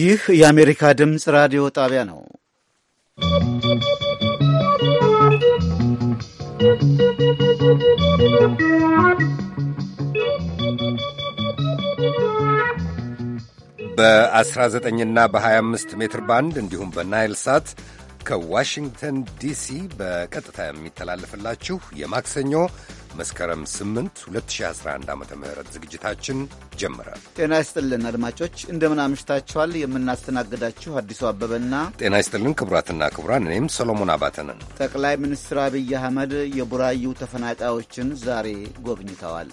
ይህ የአሜሪካ ድምፅ ራዲዮ ጣቢያ ነው። በ19 ና በ25 ሜትር ባንድ እንዲሁም በናይል ሳት ከዋሽንግተን ዲሲ በቀጥታ የሚተላለፍላችሁ የማክሰኞ መስከረም 8 2011 ዓ ም ዝግጅታችን ጀመረ። ጤና ይስጥልን አድማጮች፣ እንደምን አምሽታችኋል? የምናስተናግዳችሁ አዲሱ አበበና ጤና ይስጥልን ክቡራትና ክቡራን፣ እኔም ሰሎሞን አባተንን። ጠቅላይ ሚኒስትር አብይ አህመድ የቡራዩ ተፈናቃዮችን ዛሬ ጎብኝተዋል።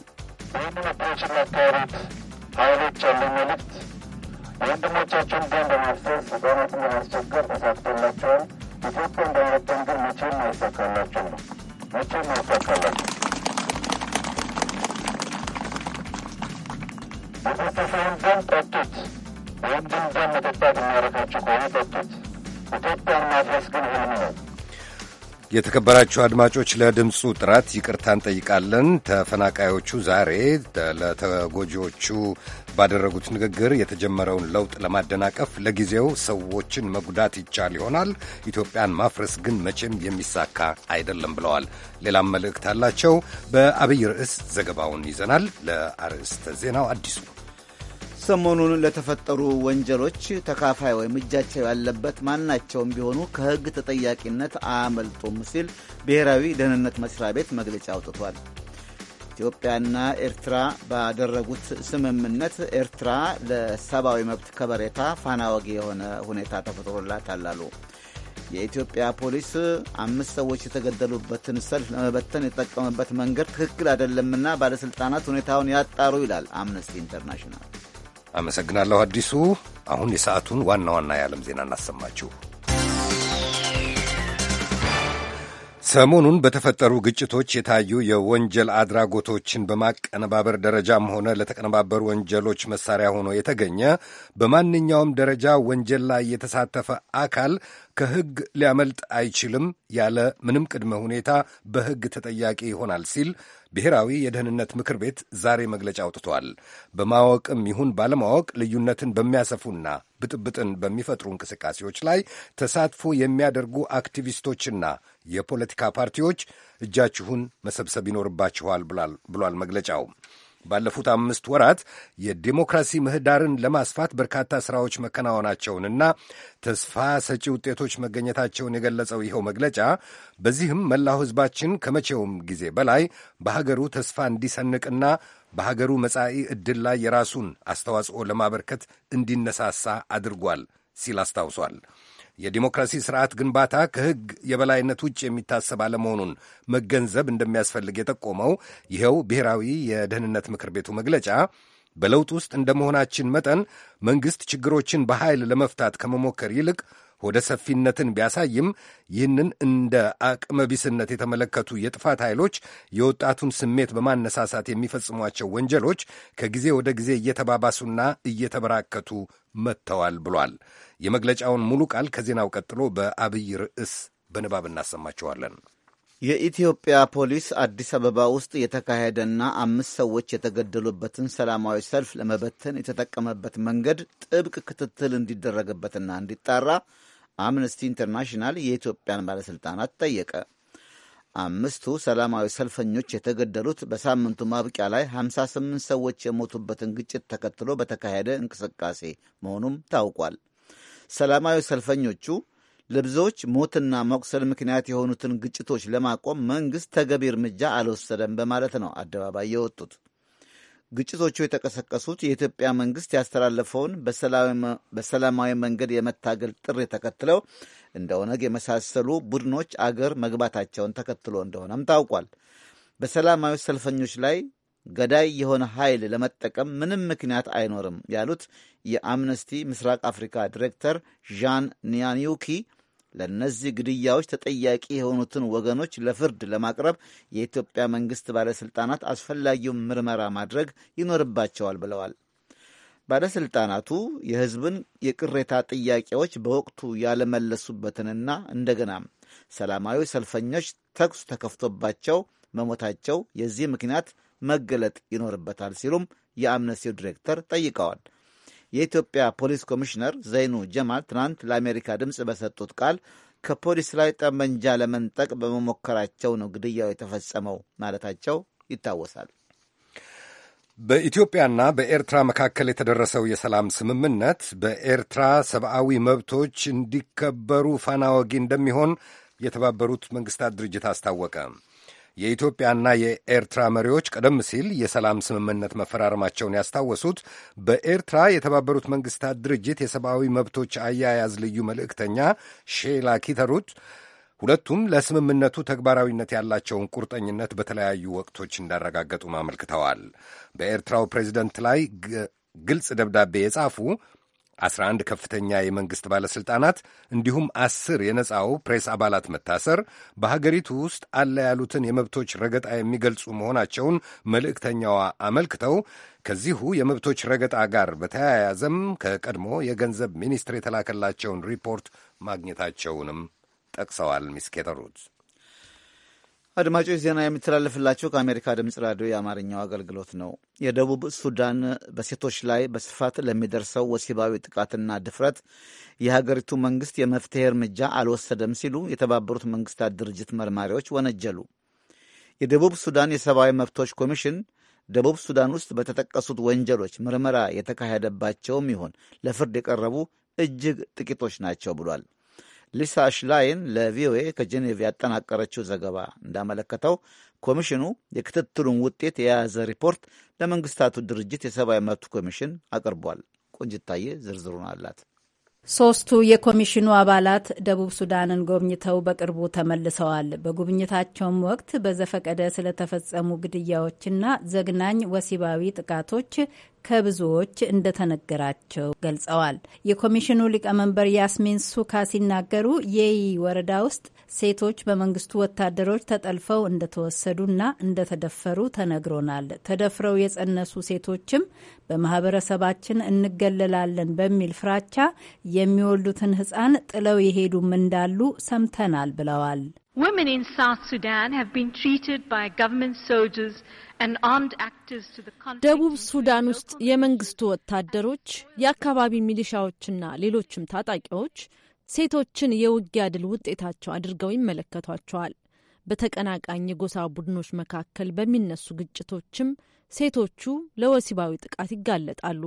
ኃይሎች ያለው መልእክት ወንድሞቻቸውን ደም በማፍሰስ ህጻናትን በማስቸገር ተሳክቶላቸዋል። ኢትዮጵያ እንዳይረተን ግን መቼም አይሳካላቸው ነው። መቼም አይሳካላቸው። የፈሰሰውን ደም ጠጡት። የወንድም ደም መጠጣት የሚያረካቸው ከሆነ ጠጡት። ኢትዮጵያን ማፍረስ ግን ህልም ነው። የተከበራችሁ አድማጮች ለድምፁ ጥራት ይቅርታ እንጠይቃለን። ተፈናቃዮቹ ዛሬ ለተጎጂዎቹ ባደረጉት ንግግር የተጀመረውን ለውጥ ለማደናቀፍ ለጊዜው ሰዎችን መጉዳት ይቻል ይሆናል፣ ኢትዮጵያን ማፍረስ ግን መቼም የሚሳካ አይደለም ብለዋል። ሌላም መልእክት አላቸው። በአብይ ርዕስ ዘገባውን ይዘናል። ለአርዕስተ ዜናው አዲሱ ሰሞኑን ለተፈጠሩ ወንጀሎች ተካፋይ ወይም እጃቸው ያለበት ማናቸውም ቢሆኑ ከሕግ ተጠያቂነት አያመልጡም ሲል ብሔራዊ ደህንነት መስሪያ ቤት መግለጫ አውጥቷል። ኢትዮጵያና ኤርትራ ባደረጉት ስምምነት ኤርትራ ለሰብአዊ መብት ከበሬታ ፋና ወጊ የሆነ ሁኔታ ተፈጥሮላታል አሉ። የኢትዮጵያ ፖሊስ አምስት ሰዎች የተገደሉበትን ሰልፍ ለመበተን የተጠቀመበት መንገድ ትክክል አይደለምና ባለሥልጣናት ሁኔታውን ያጣሩ ይላል አምነስቲ ኢንተርናሽናል። አመሰግናለሁ አዲሱ። አሁን የሰዓቱን ዋና ዋና የዓለም ዜና እናሰማችሁ። ሰሞኑን በተፈጠሩ ግጭቶች የታዩ የወንጀል አድራጎቶችን በማቀነባበር ደረጃም ሆነ ለተቀነባበሩ ወንጀሎች መሳሪያ ሆኖ የተገኘ በማንኛውም ደረጃ ወንጀል ላይ የተሳተፈ አካል ከሕግ ሊያመልጥ አይችልም፣ ያለ ምንም ቅድመ ሁኔታ በሕግ ተጠያቂ ይሆናል ሲል ብሔራዊ የደህንነት ምክር ቤት ዛሬ መግለጫ አውጥቷል። በማወቅም ይሁን ባለማወቅ ልዩነትን በሚያሰፉና ብጥብጥን በሚፈጥሩ እንቅስቃሴዎች ላይ ተሳትፎ የሚያደርጉ አክቲቪስቶችና የፖለቲካ ፓርቲዎች እጃችሁን መሰብሰብ ይኖርባችኋል ብሏል መግለጫው። ባለፉት አምስት ወራት የዴሞክራሲ ምህዳርን ለማስፋት በርካታ ሥራዎች መከናወናቸውንና ተስፋ ሰጪ ውጤቶች መገኘታቸውን የገለጸው ይኸው መግለጫ በዚህም መላው ሕዝባችን ከመቼውም ጊዜ በላይ በሀገሩ ተስፋ እንዲሰንቅና በሀገሩ መጻኢ ዕድል ላይ የራሱን አስተዋጽኦ ለማበርከት እንዲነሳሳ አድርጓል ሲል አስታውሷል። የዲሞክራሲ ስርዓት ግንባታ ከሕግ የበላይነት ውጭ የሚታሰብ አለመሆኑን መገንዘብ እንደሚያስፈልግ የጠቆመው ይኸው ብሔራዊ የደህንነት ምክር ቤቱ መግለጫ በለውጥ ውስጥ እንደመሆናችን መጠን መንግሥት ችግሮችን በኃይል ለመፍታት ከመሞከር ይልቅ ወደ ሰፊነትን ቢያሳይም ይህንን እንደ አቅመ ቢስነት የተመለከቱ የጥፋት ኃይሎች የወጣቱን ስሜት በማነሳሳት የሚፈጽሟቸው ወንጀሎች ከጊዜ ወደ ጊዜ እየተባባሱና እየተበራከቱ መጥተዋል ብሏል። የመግለጫውን ሙሉ ቃል ከዜናው ቀጥሎ በአብይ ርዕስ በንባብ እናሰማቸዋለን። የኢትዮጵያ ፖሊስ አዲስ አበባ ውስጥ የተካሄደና አምስት ሰዎች የተገደሉበትን ሰላማዊ ሰልፍ ለመበተን የተጠቀመበት መንገድ ጥብቅ ክትትል እንዲደረግበትና እንዲጣራ አምነስቲ ኢንተርናሽናል የኢትዮጵያን ባለሥልጣናት ጠየቀ። አምስቱ ሰላማዊ ሰልፈኞች የተገደሉት በሳምንቱ ማብቂያ ላይ 58 ሰዎች የሞቱበትን ግጭት ተከትሎ በተካሄደ እንቅስቃሴ መሆኑም ታውቋል። ሰላማዊ ሰልፈኞቹ ለብዙዎች ሞትና መቁሰል ምክንያት የሆኑትን ግጭቶች ለማቆም መንግሥት ተገቢ እርምጃ አልወሰደም በማለት ነው አደባባይ የወጡት። ግጭቶቹ የተቀሰቀሱት የኢትዮጵያ መንግስት ያስተላለፈውን በሰላማዊ መንገድ የመታገል ጥሪ ተከትለው እንደ ኦነግ የመሳሰሉ ቡድኖች አገር መግባታቸውን ተከትሎ እንደሆነም ታውቋል። በሰላማዊ ሰልፈኞች ላይ ገዳይ የሆነ ኃይል ለመጠቀም ምንም ምክንያት አይኖርም ያሉት የአምነስቲ ምስራቅ አፍሪካ ዲሬክተር ዣን ኒያኒውኪ ለእነዚህ ግድያዎች ተጠያቂ የሆኑትን ወገኖች ለፍርድ ለማቅረብ የኢትዮጵያ መንግስት ባለሥልጣናት አስፈላጊውን ምርመራ ማድረግ ይኖርባቸዋል ብለዋል። ባለሥልጣናቱ የሕዝብን የቅሬታ ጥያቄዎች በወቅቱ ያለመለሱበትንና እንደገናም ሰላማዊ ሰልፈኞች ተኩስ ተከፍቶባቸው መሞታቸው የዚህ ምክንያት መገለጥ ይኖርበታል ሲሉም የአምነስቲው ዲሬክተር ጠይቀዋል። የኢትዮጵያ ፖሊስ ኮሚሽነር ዘይኑ ጀማል ትናንት ለአሜሪካ ድምፅ በሰጡት ቃል ከፖሊስ ላይ ጠመንጃ ለመንጠቅ በመሞከራቸው ነው ግድያው የተፈጸመው ማለታቸው ይታወሳል። በኢትዮጵያና በኤርትራ መካከል የተደረሰው የሰላም ስምምነት በኤርትራ ሰብአዊ መብቶች እንዲከበሩ ፋና ወጊ እንደሚሆን የተባበሩት መንግስታት ድርጅት አስታወቀ። የኢትዮጵያና የኤርትራ መሪዎች ቀደም ሲል የሰላም ስምምነት መፈራረማቸውን ያስታወሱት በኤርትራ የተባበሩት መንግስታት ድርጅት የሰብአዊ መብቶች አያያዝ ልዩ መልእክተኛ ሼላ ኪተሩት ሁለቱም ለስምምነቱ ተግባራዊነት ያላቸውን ቁርጠኝነት በተለያዩ ወቅቶች እንዳረጋገጡም አመልክተዋል። በኤርትራው ፕሬዚደንት ላይ ግልጽ ደብዳቤ የጻፉ 11 ከፍተኛ የመንግሥት ባለሥልጣናት እንዲሁም አስር የነጻው ፕሬስ አባላት መታሰር በሀገሪቱ ውስጥ አለ ያሉትን የመብቶች ረገጣ የሚገልጹ መሆናቸውን መልእክተኛዋ አመልክተው ከዚሁ የመብቶች ረገጣ ጋር በተያያዘም ከቀድሞ የገንዘብ ሚኒስትር የተላከላቸውን ሪፖርት ማግኘታቸውንም ጠቅሰዋል። ሚስ ኬተሩት አድማጮች ዜና የሚተላለፍላቸው ከአሜሪካ ድምፅ ራዲዮ የአማርኛው አገልግሎት ነው። የደቡብ ሱዳን በሴቶች ላይ በስፋት ለሚደርሰው ወሲባዊ ጥቃትና ድፍረት የሀገሪቱ መንግስት የመፍትሄ እርምጃ አልወሰደም ሲሉ የተባበሩት መንግስታት ድርጅት መርማሪዎች ወነጀሉ። የደቡብ ሱዳን የሰብአዊ መብቶች ኮሚሽን ደቡብ ሱዳን ውስጥ በተጠቀሱት ወንጀሎች ምርመራ የተካሄደባቸውም ይሁን ለፍርድ የቀረቡ እጅግ ጥቂቶች ናቸው ብሏል። ሊሳ ሽላይን ለቪኦኤ ከጄኔቭ ያጠናቀረችው ዘገባ እንዳመለከተው ኮሚሽኑ የክትትሉን ውጤት የያዘ ሪፖርት ለመንግስታቱ ድርጅት የሰብአዊ መብት ኮሚሽን አቅርቧል። ቆንጅታዬ ዝርዝሩን አላት። ሶስቱ የኮሚሽኑ አባላት ደቡብ ሱዳንን ጎብኝተው በቅርቡ ተመልሰዋል። በጉብኝታቸውም ወቅት በዘፈቀደ ስለተፈጸሙ ግድያዎችና ዘግናኝ ወሲባዊ ጥቃቶች ከብዙዎች እንደተነገራቸው ገልጸዋል። የኮሚሽኑ ሊቀመንበር ያስሚን ሱካ ሲናገሩ የይ ወረዳ ውስጥ ሴቶች በመንግስቱ ወታደሮች ተጠልፈው እንደተወሰዱና እንደተደፈሩ ተነግሮናል። ተደፍረው የጸነሱ ሴቶችም በማህበረሰባችን እንገለላለን በሚል ፍራቻ የሚወልዱትን ህፃን ጥለው የሄዱም እንዳሉ ሰምተናል ብለዋል። ደቡብ ሱዳን ውስጥ የመንግስቱ ወታደሮች፣ የአካባቢ ሚሊሻዎችና ሌሎችም ታጣቂዎች ሴቶችን የውጊያ ድል ውጤታቸው አድርገው ይመለከቷቸዋል። በተቀናቃኝ የጎሳ ቡድኖች መካከል በሚነሱ ግጭቶችም ሴቶቹ ለወሲባዊ ጥቃት ይጋለጣሉ።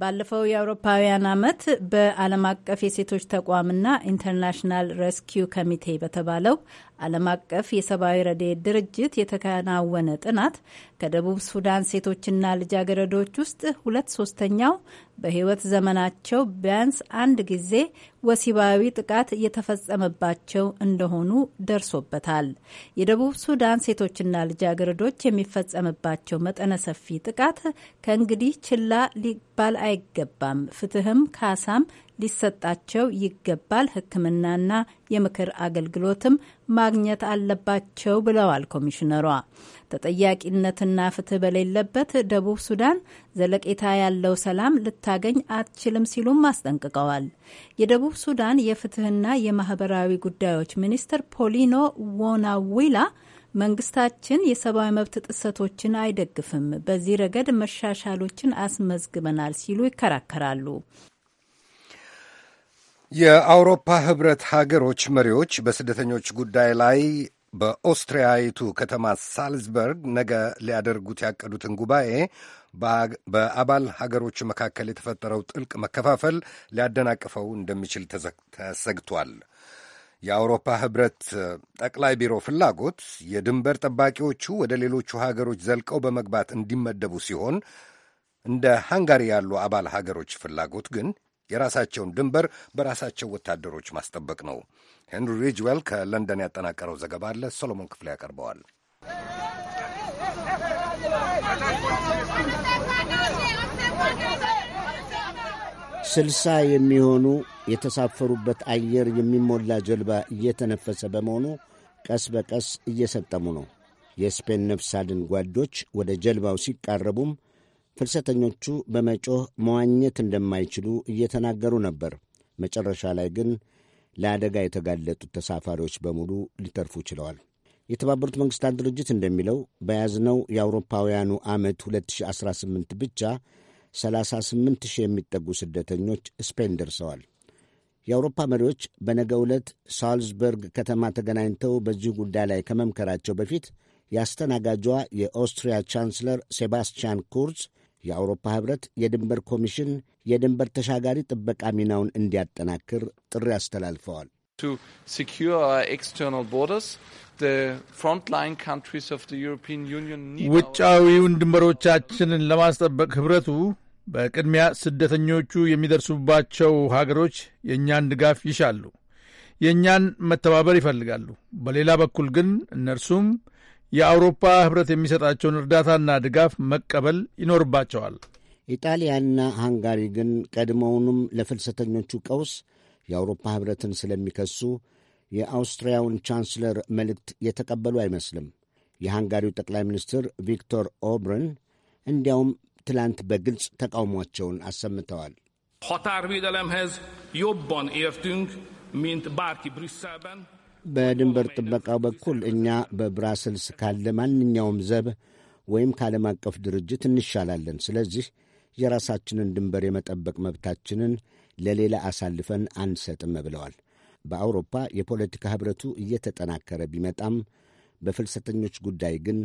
ባለፈው የአውሮፓውያን አመት በዓለም አቀፍ የሴቶች ተቋምና ኢንተርናሽናል ሬስኪው ኮሚቴ በተባለው ዓለም አቀፍ የሰብአዊ ረድኤት ድርጅት የተከናወነ ጥናት ከደቡብ ሱዳን ሴቶችና ልጃገረዶች ውስጥ ሁለት ሶስተኛው በሕይወት ዘመናቸው ቢያንስ አንድ ጊዜ ወሲባዊ ጥቃት እየተፈጸመባቸው እንደሆኑ ደርሶበታል። የደቡብ ሱዳን ሴቶችና ልጃገረዶች የሚፈጸምባቸው መጠነ ሰፊ ጥቃት ከእንግዲህ ችላ ሊባል አይገባም። ፍትህም ካሳም ሊሰጣቸው ይገባል። ሕክምናና የምክር አገልግሎትም ማግኘት አለባቸው ብለዋል ኮሚሽነሯ። ተጠያቂነትና ፍትህ በሌለበት ደቡብ ሱዳን ዘለቄታ ያለው ሰላም ልታገኝ አትችልም ሲሉም አስጠንቅቀዋል። የደቡብ ሱዳን የፍትህና የማህበራዊ ጉዳዮች ሚኒስትር ፖሊኖ ዎናዊላ መንግስታችን የሰብአዊ መብት ጥሰቶችን አይደግፍም፣ በዚህ ረገድ መሻሻሎችን አስመዝግበናል ሲሉ ይከራከራሉ። የአውሮፓ ህብረት ሀገሮች መሪዎች በስደተኞች ጉዳይ ላይ በኦስትሪያዊቱ ከተማ ሳልዝበርግ ነገ ሊያደርጉት ያቀዱትን ጉባኤ በአባል ሀገሮች መካከል የተፈጠረው ጥልቅ መከፋፈል ሊያደናቅፈው እንደሚችል ተሰግቷል። የአውሮፓ ህብረት ጠቅላይ ቢሮ ፍላጎት የድንበር ጠባቂዎቹ ወደ ሌሎቹ ሀገሮች ዘልቀው በመግባት እንዲመደቡ ሲሆን እንደ ሃንጋሪ ያሉ አባል ሀገሮች ፍላጎት ግን የራሳቸውን ድንበር በራሳቸው ወታደሮች ማስጠበቅ ነው። ሄንሪ ሪጅዌል ከለንደን ያጠናቀረው ዘገባ አለ። ሶሎሞን ክፍሌ ያቀርበዋል። ስልሳ የሚሆኑ የተሳፈሩበት አየር የሚሞላ ጀልባ እየተነፈሰ በመሆኑ ቀስ በቀስ እየሰጠሙ ነው። የስፔን ነፍስ አድን ጓዶች ወደ ጀልባው ሲቃረቡም ፍልሰተኞቹ በመጮህ መዋኘት እንደማይችሉ እየተናገሩ ነበር። መጨረሻ ላይ ግን ለአደጋ የተጋለጡት ተሳፋሪዎች በሙሉ ሊተርፉ ችለዋል። የተባበሩት መንግሥታት ድርጅት እንደሚለው በያዝነው የአውሮፓውያኑ ዓመት 2018 ብቻ 38 ሺህ የሚጠጉ ስደተኞች ስፔን ደርሰዋል። የአውሮፓ መሪዎች በነገ ዕለት ሳልዝበርግ ከተማ ተገናኝተው በዚህ ጉዳይ ላይ ከመምከራቸው በፊት የአስተናጋጇ የኦስትሪያ ቻንስለር ሴባስቲያን ኩርዝ የአውሮፓ ኅብረት የድንበር ኮሚሽን የድንበር ተሻጋሪ ጥበቃ ሚናውን እንዲያጠናክር ጥሪ አስተላልፈዋል። ውጫዊውን ድንበሮቻችንን ለማስጠበቅ ኅብረቱ በቅድሚያ ስደተኞቹ የሚደርሱባቸው ሀገሮች የእኛን ድጋፍ ይሻሉ፣ የእኛን መተባበር ይፈልጋሉ። በሌላ በኩል ግን እነርሱም የአውሮፓ ህብረት የሚሰጣቸውን እርዳታና ድጋፍ መቀበል ይኖርባቸዋል። ኢጣሊያና ሃንጋሪ ግን ቀድሞውንም ለፍልሰተኞቹ ቀውስ የአውሮፓ ህብረትን ስለሚከሱ የአውስትሪያውን ቻንስለር መልእክት የተቀበሉ አይመስልም። የሃንጋሪው ጠቅላይ ሚኒስትር ቪክቶር ኦብርን እንዲያውም ትላንት በግልጽ ተቃውሟቸውን አሰምተዋል። határvédelemhez ዮቦን ኤርቱንግ ሚንት bárki Brüsszelben. በድንበር ጥበቃው በኩል እኛ በብራስልስ ካለ ማንኛውም ዘብ ወይም ከዓለም አቀፍ ድርጅት እንሻላለን። ስለዚህ የራሳችንን ድንበር የመጠበቅ መብታችንን ለሌላ አሳልፈን አንሰጥም ብለዋል። በአውሮፓ የፖለቲካ ኅብረቱ እየተጠናከረ ቢመጣም በፍልሰተኞች ጉዳይ ግን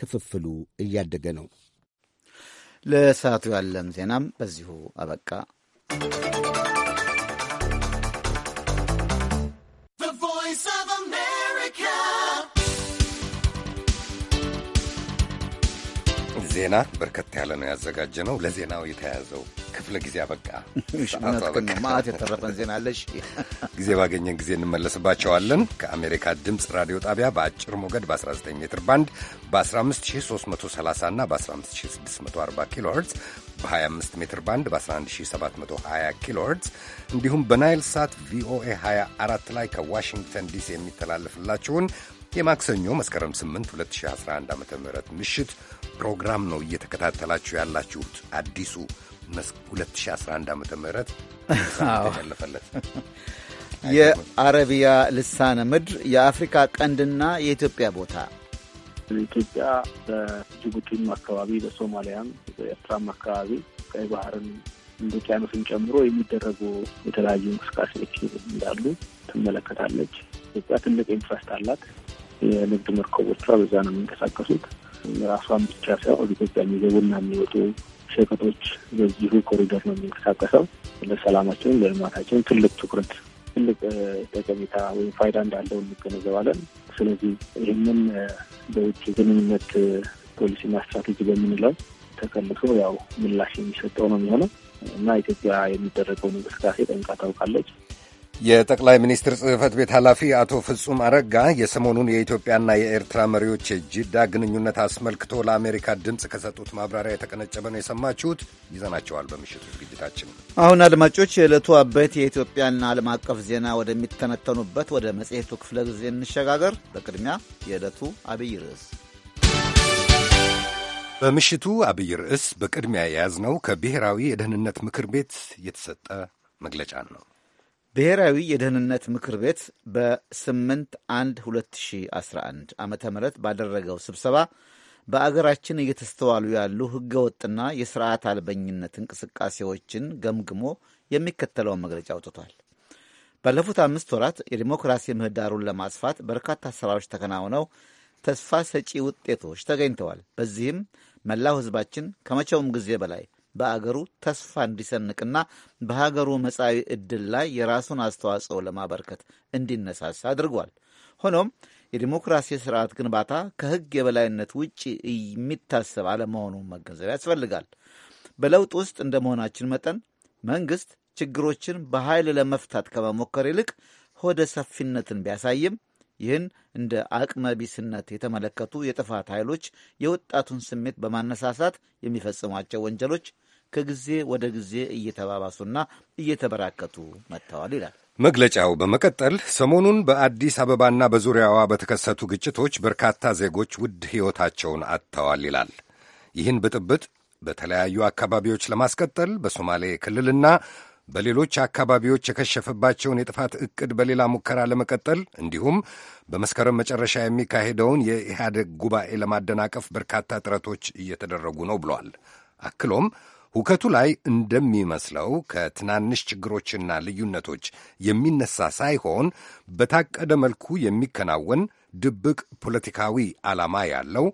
ክፍፍሉ እያደገ ነው። ለሰዓቱ ያለም ዜናም በዚሁ አበቃ። ዜና በርከት ያለ ነው ያዘጋጀ ነው። ለዜናው የተያዘው ክፍለ ጊዜ አበቃ። ማት የተረፈን ዜና አለሽ። ጊዜ ባገኘን ጊዜ እንመለስባቸዋለን። ከአሜሪካ ድምፅ ራዲዮ ጣቢያ በአጭር ሞገድ በ19 ሜትር ባንድ በ15330 እና በ15640 ኪሎ ሄርዝ በ25 ሜትር ባንድ በ11720 ኪሎ ሄርዝ እንዲሁም በናይል ሳት ቪኦኤ 24 ላይ ከዋሽንግተን ዲሲ የሚተላለፍላችሁን የማክሰኞ መስከረም 8 2011 ዓ ም ምሽት ፕሮግራም ነው እየተከታተላችሁ ያላችሁት። አዲሱ 2011 ዓ ም ተጀለፈለት የአረቢያ ልሳነ ምድር የአፍሪካ ቀንድና የኢትዮጵያ ቦታ ኢትዮጵያ በጅቡቲም አካባቢ በሶማሊያም በኤርትራም አካባቢ ቀይ ባህርን ህንድ ውቅያኖስን ጨምሮ የሚደረጉ የተለያዩ እንቅስቃሴዎች እንዳሉ ትመለከታለች። ኢትዮጵያ ትልቅ ኢንትረስት አላት። የንግድ መርከቦቿ በዛ ነው የሚንቀሳቀሱት። ራሷን ብቻ ሳይሆን ወደ ኢትዮጵያ የሚገቡና የሚወጡ ሸቀጦች በዚሁ ኮሪደር ነው የሚንቀሳቀሰው። ለሰላማችን ለልማታችን ትልቅ ትኩረት ትልቅ ጠቀሜታ ወይም ፋይዳ እንዳለው እንገነዘባለን። ስለዚህ ይህንን በውጭ ግንኙነት ፖሊሲና ስትራቴጂ በምንለው ተከልሶ ያው ምላሽ የሚሰጠው ነው የሚሆነው እና ኢትዮጵያ የሚደረገውን እንቅስቃሴ ጠንቃ ታውቃለች። የጠቅላይ ሚኒስትር ጽሕፈት ቤት ኃላፊ አቶ ፍጹም አረጋ የሰሞኑን የኢትዮጵያና የኤርትራ መሪዎች የጅዳ ግንኙነት አስመልክቶ ለአሜሪካ ድምፅ ከሰጡት ማብራሪያ የተቀነጨበ ነው የሰማችሁት። ይዘናቸዋል በምሽቱ ዝግጅታችን። አሁን አድማጮች፣ የዕለቱ አበይት የኢትዮጵያና ዓለም አቀፍ ዜና ወደሚተነተኑበት ወደ መጽሔቱ ክፍለ ጊዜ እንሸጋገር። በቅድሚያ የዕለቱ አብይ ርዕስ በምሽቱ አብይ ርዕስ በቅድሚያ የያዝነው ከብሔራዊ የደህንነት ምክር ቤት የተሰጠ መግለጫ ነው። ብሔራዊ የደህንነት ምክር ቤት በ8 1 2011 ዓ ም ባደረገው ስብሰባ በአገራችን እየተስተዋሉ ያሉ ህገወጥና የስርዓት አልበኝነት እንቅስቃሴዎችን ገምግሞ የሚከተለውን መግለጫ አውጥቷል። ባለፉት አምስት ወራት የዲሞክራሲ ምህዳሩን ለማስፋት በርካታ ስራዎች ተከናውነው ተስፋ ሰጪ ውጤቶች ተገኝተዋል። በዚህም መላው ህዝባችን ከመቼውም ጊዜ በላይ በአገሩ ተስፋ እንዲሰንቅና በሀገሩ መጻዊ ዕድል ላይ የራሱን አስተዋጽኦ ለማበርከት እንዲነሳሳ አድርጓል። ሆኖም የዲሞክራሲ ስርዓት ግንባታ ከሕግ የበላይነት ውጭ የሚታሰብ አለመሆኑን መገንዘብ ያስፈልጋል። በለውጥ ውስጥ እንደ መሆናችን መጠን መንግሥት ችግሮችን በኃይል ለመፍታት ከመሞከር ይልቅ ሆደ ሰፊነትን ቢያሳይም ይህን እንደ አቅመ ቢስነት የተመለከቱ የጥፋት ኃይሎች የወጣቱን ስሜት በማነሳሳት የሚፈጽሟቸው ወንጀሎች ከጊዜ ወደ ጊዜ እየተባባሱና እየተበራከቱ መጥተዋል ይላል መግለጫው። በመቀጠል ሰሞኑን በአዲስ አበባና በዙሪያዋ በተከሰቱ ግጭቶች በርካታ ዜጎች ውድ ሕይወታቸውን አጥተዋል ይላል። ይህን ብጥብጥ በተለያዩ አካባቢዎች ለማስቀጠል በሶማሌ ክልልና በሌሎች አካባቢዎች የከሸፈባቸውን የጥፋት ዕቅድ በሌላ ሙከራ ለመቀጠል እንዲሁም በመስከረም መጨረሻ የሚካሄደውን የኢህአደግ ጉባኤ ለማደናቀፍ በርካታ ጥረቶች እየተደረጉ ነው ብሏል። አክሎም ሁከቱ ላይ እንደሚመስለው ከትናንሽ ችግሮችና ልዩነቶች የሚነሳ ሳይሆን በታቀደ መልኩ የሚከናወን ድብቅ ፖለቲካዊ ዓላማ ያለው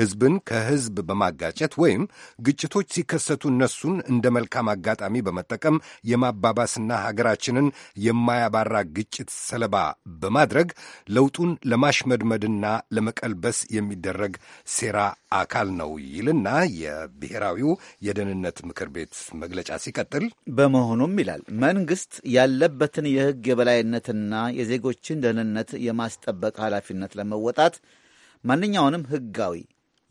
ህዝብን ከህዝብ በማጋጨት ወይም ግጭቶች ሲከሰቱ እነሱን እንደ መልካም አጋጣሚ በመጠቀም የማባባስና ሀገራችንን የማያባራ ግጭት ሰለባ በማድረግ ለውጡን ለማሽመድመድና ለመቀልበስ የሚደረግ ሴራ አካል ነው ይልና የብሔራዊው የደህንነት ምክር ቤት መግለጫ ሲቀጥል፣ በመሆኑም ይላል መንግስት ያለበትን የህግ የበላይነትና የዜጎችን ደህንነት የማስጠበቅ ኃላፊነት ለመወጣት ማንኛውንም ህጋዊ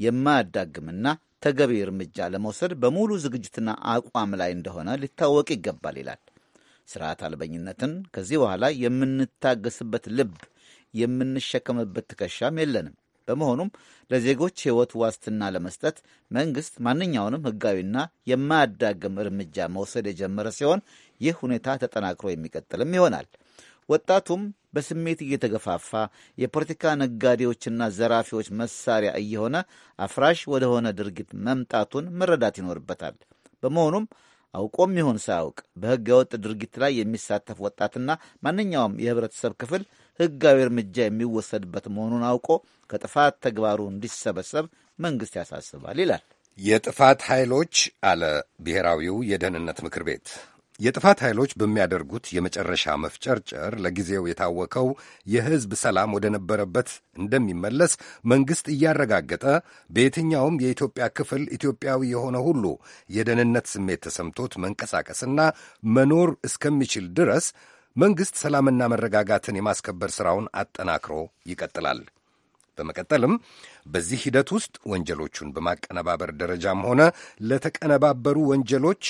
የማያዳግምና ተገቢ እርምጃ ለመውሰድ በሙሉ ዝግጅትና አቋም ላይ እንደሆነ ሊታወቅ ይገባል ይላል። ስርዓት አልበኝነትን ከዚህ በኋላ የምንታገስበት ልብ፣ የምንሸከምበት ትከሻም የለንም። በመሆኑም ለዜጎች ሕይወት ዋስትና ለመስጠት መንግሥት ማንኛውንም ሕጋዊና የማያዳግም እርምጃ መውሰድ የጀመረ ሲሆን ይህ ሁኔታ ተጠናክሮ የሚቀጥልም ይሆናል። ወጣቱም በስሜት እየተገፋፋ የፖለቲካ ነጋዴዎችና ዘራፊዎች መሳሪያ እየሆነ አፍራሽ ወደሆነ ድርጊት መምጣቱን መረዳት ይኖርበታል። በመሆኑም አውቆም ይሁን ሳያውቅ በሕገ ወጥ ድርጊት ላይ የሚሳተፍ ወጣትና ማንኛውም የህብረተሰብ ክፍል ሕጋዊ እርምጃ የሚወሰድበት መሆኑን አውቆ ከጥፋት ተግባሩ እንዲሰበሰብ መንግሥት ያሳስባል ይላል። የጥፋት ኃይሎች አለ ብሔራዊው የደህንነት ምክር ቤት የጥፋት ኃይሎች በሚያደርጉት የመጨረሻ መፍጨርጨር ለጊዜው የታወከው የሕዝብ ሰላም ወደ ነበረበት እንደሚመለስ መንግሥት እያረጋገጠ በየትኛውም የኢትዮጵያ ክፍል ኢትዮጵያዊ የሆነ ሁሉ የደህንነት ስሜት ተሰምቶት መንቀሳቀስና መኖር እስከሚችል ድረስ መንግሥት ሰላምና መረጋጋትን የማስከበር ሥራውን አጠናክሮ ይቀጥላል። በመቀጠልም በዚህ ሂደት ውስጥ ወንጀሎቹን በማቀነባበር ደረጃም ሆነ ለተቀነባበሩ ወንጀሎች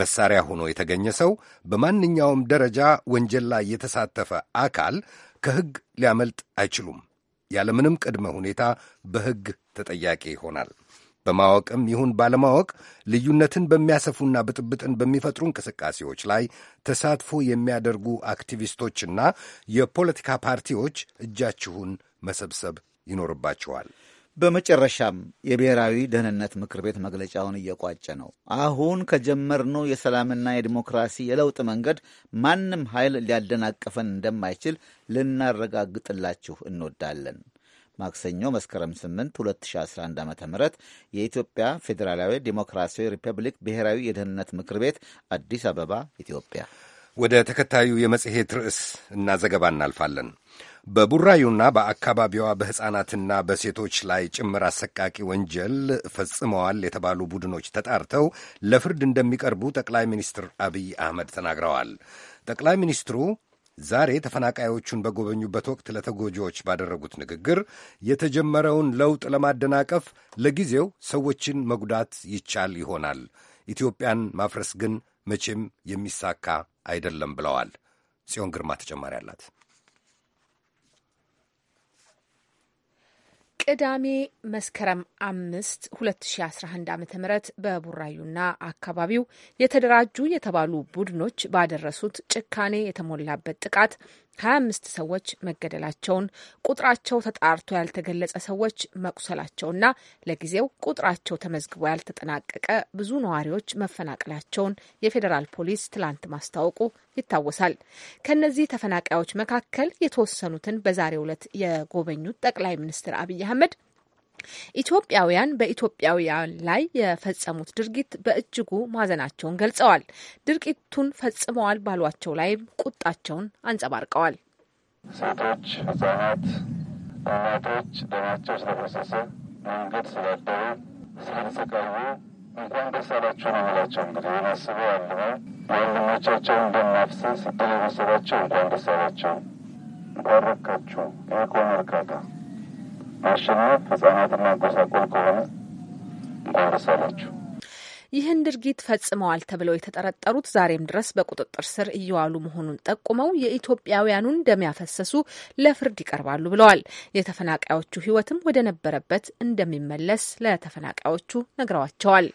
መሳሪያ ሆኖ የተገኘ ሰው በማንኛውም ደረጃ ወንጀል ላይ የተሳተፈ አካል ከሕግ ሊያመልጥ አይችሉም። ያለምንም ቅድመ ሁኔታ በሕግ ተጠያቂ ይሆናል። በማወቅም ይሁን ባለማወቅ ልዩነትን በሚያሰፉና ብጥብጥን በሚፈጥሩ እንቅስቃሴዎች ላይ ተሳትፎ የሚያደርጉ አክቲቪስቶችና የፖለቲካ ፓርቲዎች እጃችሁን መሰብሰብ ይኖርባችኋል። በመጨረሻም የብሔራዊ ደህንነት ምክር ቤት መግለጫውን እየቋጨ ነው። አሁን ከጀመርነው የሰላምና የዲሞክራሲ የለውጥ መንገድ ማንም ኃይል ሊያደናቀፈን እንደማይችል ልናረጋግጥላችሁ እንወዳለን። ማክሰኞ መስከረም 8 2011 ዓ ም የኢትዮጵያ ፌዴራላዊ ዴሞክራሲያዊ ሪፐብሊክ ብሔራዊ የደህንነት ምክር ቤት አዲስ አበባ፣ ኢትዮጵያ። ወደ ተከታዩ የመጽሔት ርዕስ እና ዘገባ እናልፋለን። በቡራዩና በአካባቢዋ በሕፃናትና በሴቶች ላይ ጭምር አሰቃቂ ወንጀል ፈጽመዋል የተባሉ ቡድኖች ተጣርተው ለፍርድ እንደሚቀርቡ ጠቅላይ ሚኒስትር አብይ አህመድ ተናግረዋል። ጠቅላይ ሚኒስትሩ ዛሬ ተፈናቃዮቹን በጎበኙበት ወቅት ለተጎጂዎች ባደረጉት ንግግር የተጀመረውን ለውጥ ለማደናቀፍ ለጊዜው ሰዎችን መጉዳት ይቻል ይሆናል፣ ኢትዮጵያን ማፍረስ ግን መቼም የሚሳካ አይደለም ብለዋል። ጽዮን ግርማ ተጨማሪ አላት። ቅዳሜ መስከረም አምስት ሁለት ሺ አስራ አንድ በቡራዩና አካባቢው የተደራጁ የተባሉ ቡድኖች ባደረሱት ጭካኔ የተሞላበት ጥቃት ሀያ ሰዎች መገደላቸውን ቁጥራቸው ተጣርቶ ያልተገለጸ ሰዎች መቁሰላቸውና ለጊዜው ቁጥራቸው ተመዝግቦ ያልተጠናቀቀ ብዙ ነዋሪዎች መፈናቀላቸውን የፌዴራል ፖሊስ ትላንት ማስታወቁ ይታወሳል። ከነዚህ ተፈናቃዮች መካከል የተወሰኑትን በዛሬው ዕለት የጎበኙት ጠቅላይ ሚኒስትር አብይ አህመድ ኢትዮጵያውያን በኢትዮጵያውያን ላይ የፈጸሙት ድርጊት በእጅጉ ማዘናቸውን ገልጸዋል። ድርጊቱን ፈጽመዋል ባሏቸው ላይም ቁጣቸውን አንጸባርቀዋል። ሴቶች፣ ህጻናት፣ እናቶች ደማቸው ስለፈሰሰ መንገድ ስላደሩ ስለተሰቃዩ እንኳን ደስ አላችሁ ነው የምላቸው። እንግዲህ የማስበው አለ ወንድሞቻቸው እንደማፍሰስ እድል የመሰላቸው እንኳን ደስ አላቸው፣ እንኳን ረካችሁ። ይህ እኮ ነው እርካታ። ማሸነፍ ህጻናትና ጎሳቆል ከሆነ እንኳን ደስ አላችሁ። ይህን ድርጊት ፈጽመዋል ተብለው የተጠረጠሩት ዛሬም ድረስ በቁጥጥር ስር እየዋሉ መሆኑን ጠቁመው የኢትዮጵያውያኑን ደም ያፈሰሱ ለፍርድ ይቀርባሉ ብለዋል። የተፈናቃዮቹ ህይወትም ወደ ነበረበት እንደሚመለስ ለተፈናቃዮቹ ነግረዋቸዋል።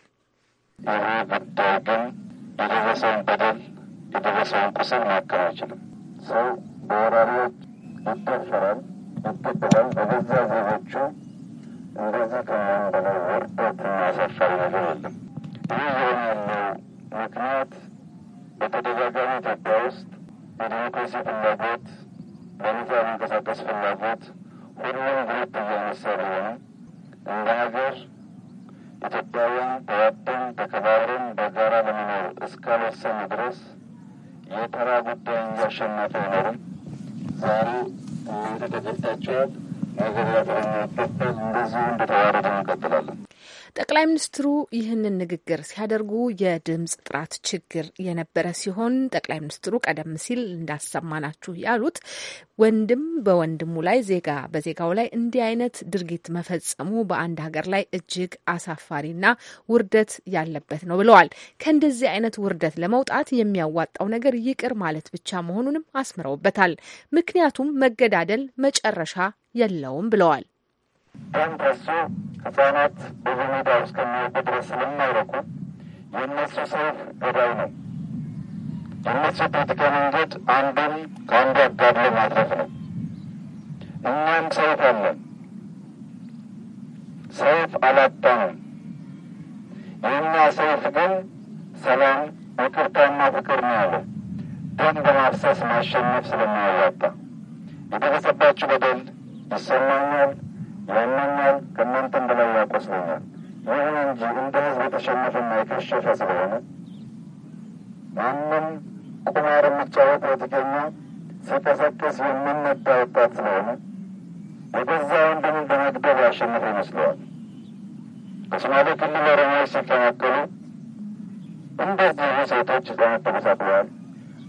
ይህ ጉዳይ ግን የደረሰውን በደል የደረሰውን ቁስል ማከም አይችልም። ሰው በወራሪዎች ይደፈራል። ብትጥለን በገዛ ዜጎቹ እንደዚህ ከመሆን በላይ ወርደትና አሳፋሪ ነገር የለም። ይህ የሆነ ያለው ምክንያት በተደጋጋሚ ኢትዮጵያ ውስጥ የዲሞክራሲ ፍላጎት በነጻ የመንቀሳቀስ ፍላጎት ሁሉም ግሩፕ እያነሳ ቢሆንም እንደ ሀገር ኢትዮጵያውያን ተዋደን ተከባብረን በጋራ ለመኖር እስካልወሰኑ ድረስ የተራ ጉዳይ እንጂ አሸናፊ አይኖርም። ዛሬ ተተገልጣቸዋል። ነገር ያጠረኛ ይገባል። እንደዚሁ እንደተዋረደ እንቀጥላለን። ጠቅላይ ሚኒስትሩ ይህንን ንግግር ሲያደርጉ የድምፅ ጥራት ችግር የነበረ ሲሆን ጠቅላይ ሚኒስትሩ ቀደም ሲል እንዳሰማናችሁ ያሉት ወንድም በወንድሙ ላይ ዜጋ በዜጋው ላይ እንዲህ አይነት ድርጊት መፈጸሙ በአንድ ሀገር ላይ እጅግ አሳፋሪና ውርደት ያለበት ነው ብለዋል። ከእንደዚህ አይነት ውርደት ለመውጣት የሚያዋጣው ነገር ይቅር ማለት ብቻ መሆኑንም አስምረውበታል። ምክንያቱም መገዳደል መጨረሻ የለውም ብለዋል። ደም ከሱ ህጻናት ብዙ እስከሚወጡ ድረስ ስለማይረኩ የእነሱ ሰይፍ ገዳይ ነው። የእነሱ ፖለቲካ መንገድ አንዱን ከአንዱ አጋድሎ ማትረፍ ነው። እኛም ሰይፍ አለን። ሰይፍ አላጣንም። የእኛ ሰይፍ ግን ሰላም፣ ይቅርታና ፍቅር ነው ያለው። ደም በማፍሰስ ማሸነፍ ስለማያዋጣ የደረሰባችሁ በደል ይሰማኛል ያመኛል፣ ከእናንተም በላይ ያቆስለኛል። ይህን እንጂ እንደ ህዝብ የተሸነፈና የከሸፈ ስለሆነ ማንም ቁማር የሚጫወት የተገኘ ሲቀሰቅስ የምነዳ ወጣት ስለሆነ የገዛ ወንድምን በመግደል ያሸነፈ ይመስለዋል። በሶማሌ ክልል ኦሮሞዎች ሲፈናቀሉ እንደዚሁ ሴቶች ሕጻናት ተመሳቅለዋል።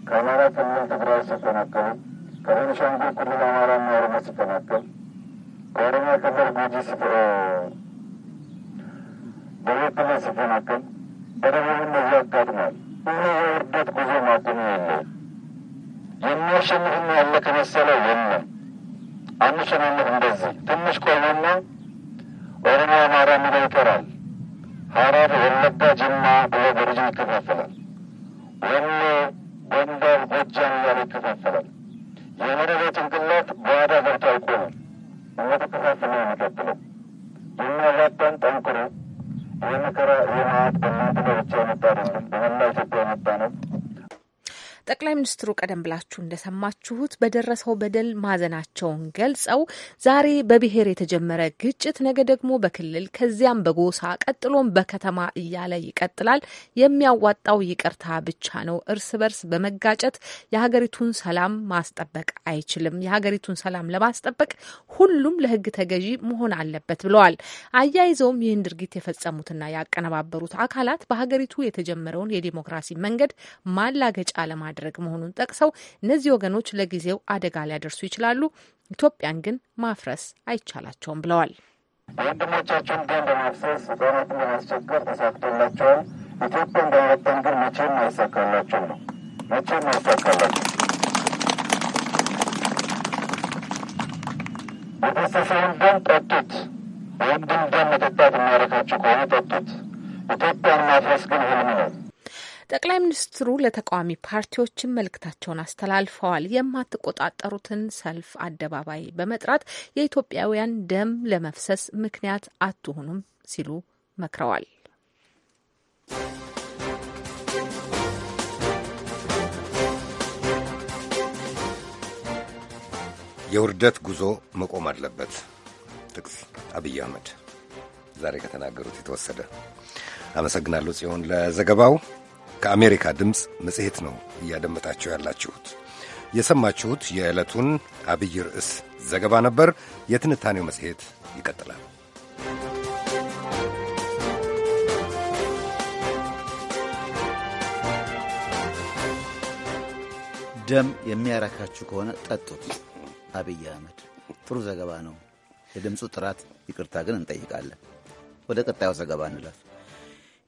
ከአማራ ክልል ትግራይ ሲፈናቀሉ፣ ከቤንሻንጉል ክልል አማራና ኦሮሞ ሲፈናቀል በኦሮሚያ ክልል ጉጂ ደቡብ ክልል በደቡብ እነዚህ አጋጥሟል። ሁሉ የውርደት ጉዞ ማቆሚያ የለውም። የሚያሸንፍና ያለ ከመሰለው የለም። አንሸናነፍ እንደዚህ ትንሽ ቆየና ኦሮሚያ፣ አማራ የሚለው ይቀራል። ሐረር፣ ወለጋ፣ ጅማ ብሎ በሪጅን ይከፋፈላል። ወሎ፣ ጎንደር፣ ጎጃም እያለ ይከፋፈላል። የመደበ ጭንቅላት በዋዳ ገብቶ አልቆመም። እየተቀሳሰበ ነው የሚቀጥለው። የሚያዋጣን ጠንክሮ በእናንተ ብቻ የመጣ አይደለም በመላ ጠቅላይ ሚኒስትሩ ቀደም ብላችሁ እንደሰማችሁት በደረሰው በደል ማዘናቸውን ገልጸው ዛሬ በብሔር የተጀመረ ግጭት ነገ ደግሞ በክልል ከዚያም በጎሳ ቀጥሎም በከተማ እያለ ይቀጥላል። የሚያዋጣው ይቅርታ ብቻ ነው። እርስ በርስ በመጋጨት የሀገሪቱን ሰላም ማስጠበቅ አይችልም። የሀገሪቱን ሰላም ለማስጠበቅ ሁሉም ለሕግ ተገዢ መሆን አለበት ብለዋል። አያይዘውም ይህን ድርጊት የፈጸሙትና ያቀነባበሩት አካላት በሀገሪቱ የተጀመረውን የዲሞክራሲ መንገድ ማላገጫ ለማ ማድረግ መሆኑን ጠቅሰው እነዚህ ወገኖች ለጊዜው አደጋ ሊያደርሱ ይችላሉ፣ ኢትዮጵያን ግን ማፍረስ አይቻላቸውም ብለዋል። ወንድሞቻቸውን ደም በማፍሰስ ህጻናት በማስቸገር ተሳክቶላቸዋል። ኢትዮጵያን በመበተን ግን መቼም አይሳካላቸው ነው። መቼም አይሳካላቸው። የፈሰሰውን ደም ጠጡት። ወንድም ደም መጠጣት የሚያረካቸው ከሆነ ጠጡት። ኢትዮጵያን ማፍረስ ግን ህልም ነው። ጠቅላይ ሚኒስትሩ ለተቃዋሚ ፓርቲዎችን መልእክታቸውን አስተላልፈዋል። የማትቆጣጠሩትን ሰልፍ አደባባይ በመጥራት የኢትዮጵያውያን ደም ለመፍሰስ ምክንያት አትሆኑም ሲሉ መክረዋል። የውርደት ጉዞ መቆም አለበት። ጥቅስ አብይ አህመድ ዛሬ ከተናገሩት የተወሰደ። አመሰግናለሁ ጽዮን ለዘገባው። ከአሜሪካ ድምፅ መጽሔት ነው እያደመጣችሁ ያላችሁት። የሰማችሁት የዕለቱን አብይ ርዕስ ዘገባ ነበር። የትንታኔው መጽሔት ይቀጥላል። ደም የሚያረካችሁ ከሆነ ጠጡት። አብይ አህመድ ጥሩ ዘገባ ነው። የድምፁ ጥራት ይቅርታ ግን እንጠይቃለን። ወደ ቀጣዩ ዘገባ እንለፍ።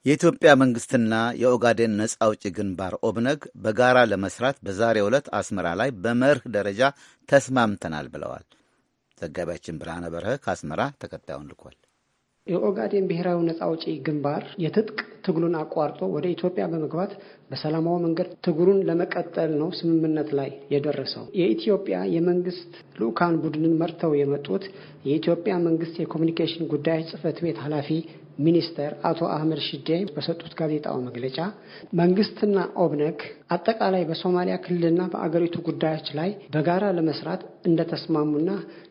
የኢትዮጵያ መንግስትና የኦጋዴን ነጻ አውጪ ግንባር ኦብነግ በጋራ ለመስራት በዛሬው ዕለት አስመራ ላይ በመርህ ደረጃ ተስማምተናል ብለዋል። ዘጋቢያችን ብርሃነ በረሀ ከአስመራ ተከታዩን ልኳል። የኦጋዴን ብሔራዊ ነጻ አውጪ ግንባር የትጥቅ ትግሉን አቋርጦ ወደ ኢትዮጵያ በመግባት በሰላማዊ መንገድ ትግሉን ለመቀጠል ነው ስምምነት ላይ የደረሰው። የኢትዮጵያ የመንግስት ልዑካን ቡድንን መርተው የመጡት የኢትዮጵያ መንግስት የኮሚኒኬሽን ጉዳዮች ጽህፈት ቤት ኃላፊ ሚኒስተር አቶ አህመድ ሽዴ በሰጡት ጋዜጣዊ መግለጫ መንግስትና ኦብነግ አጠቃላይ በሶማሊያ ክልልና በአገሪቱ ጉዳዮች ላይ በጋራ ለመስራት እንደተስማሙና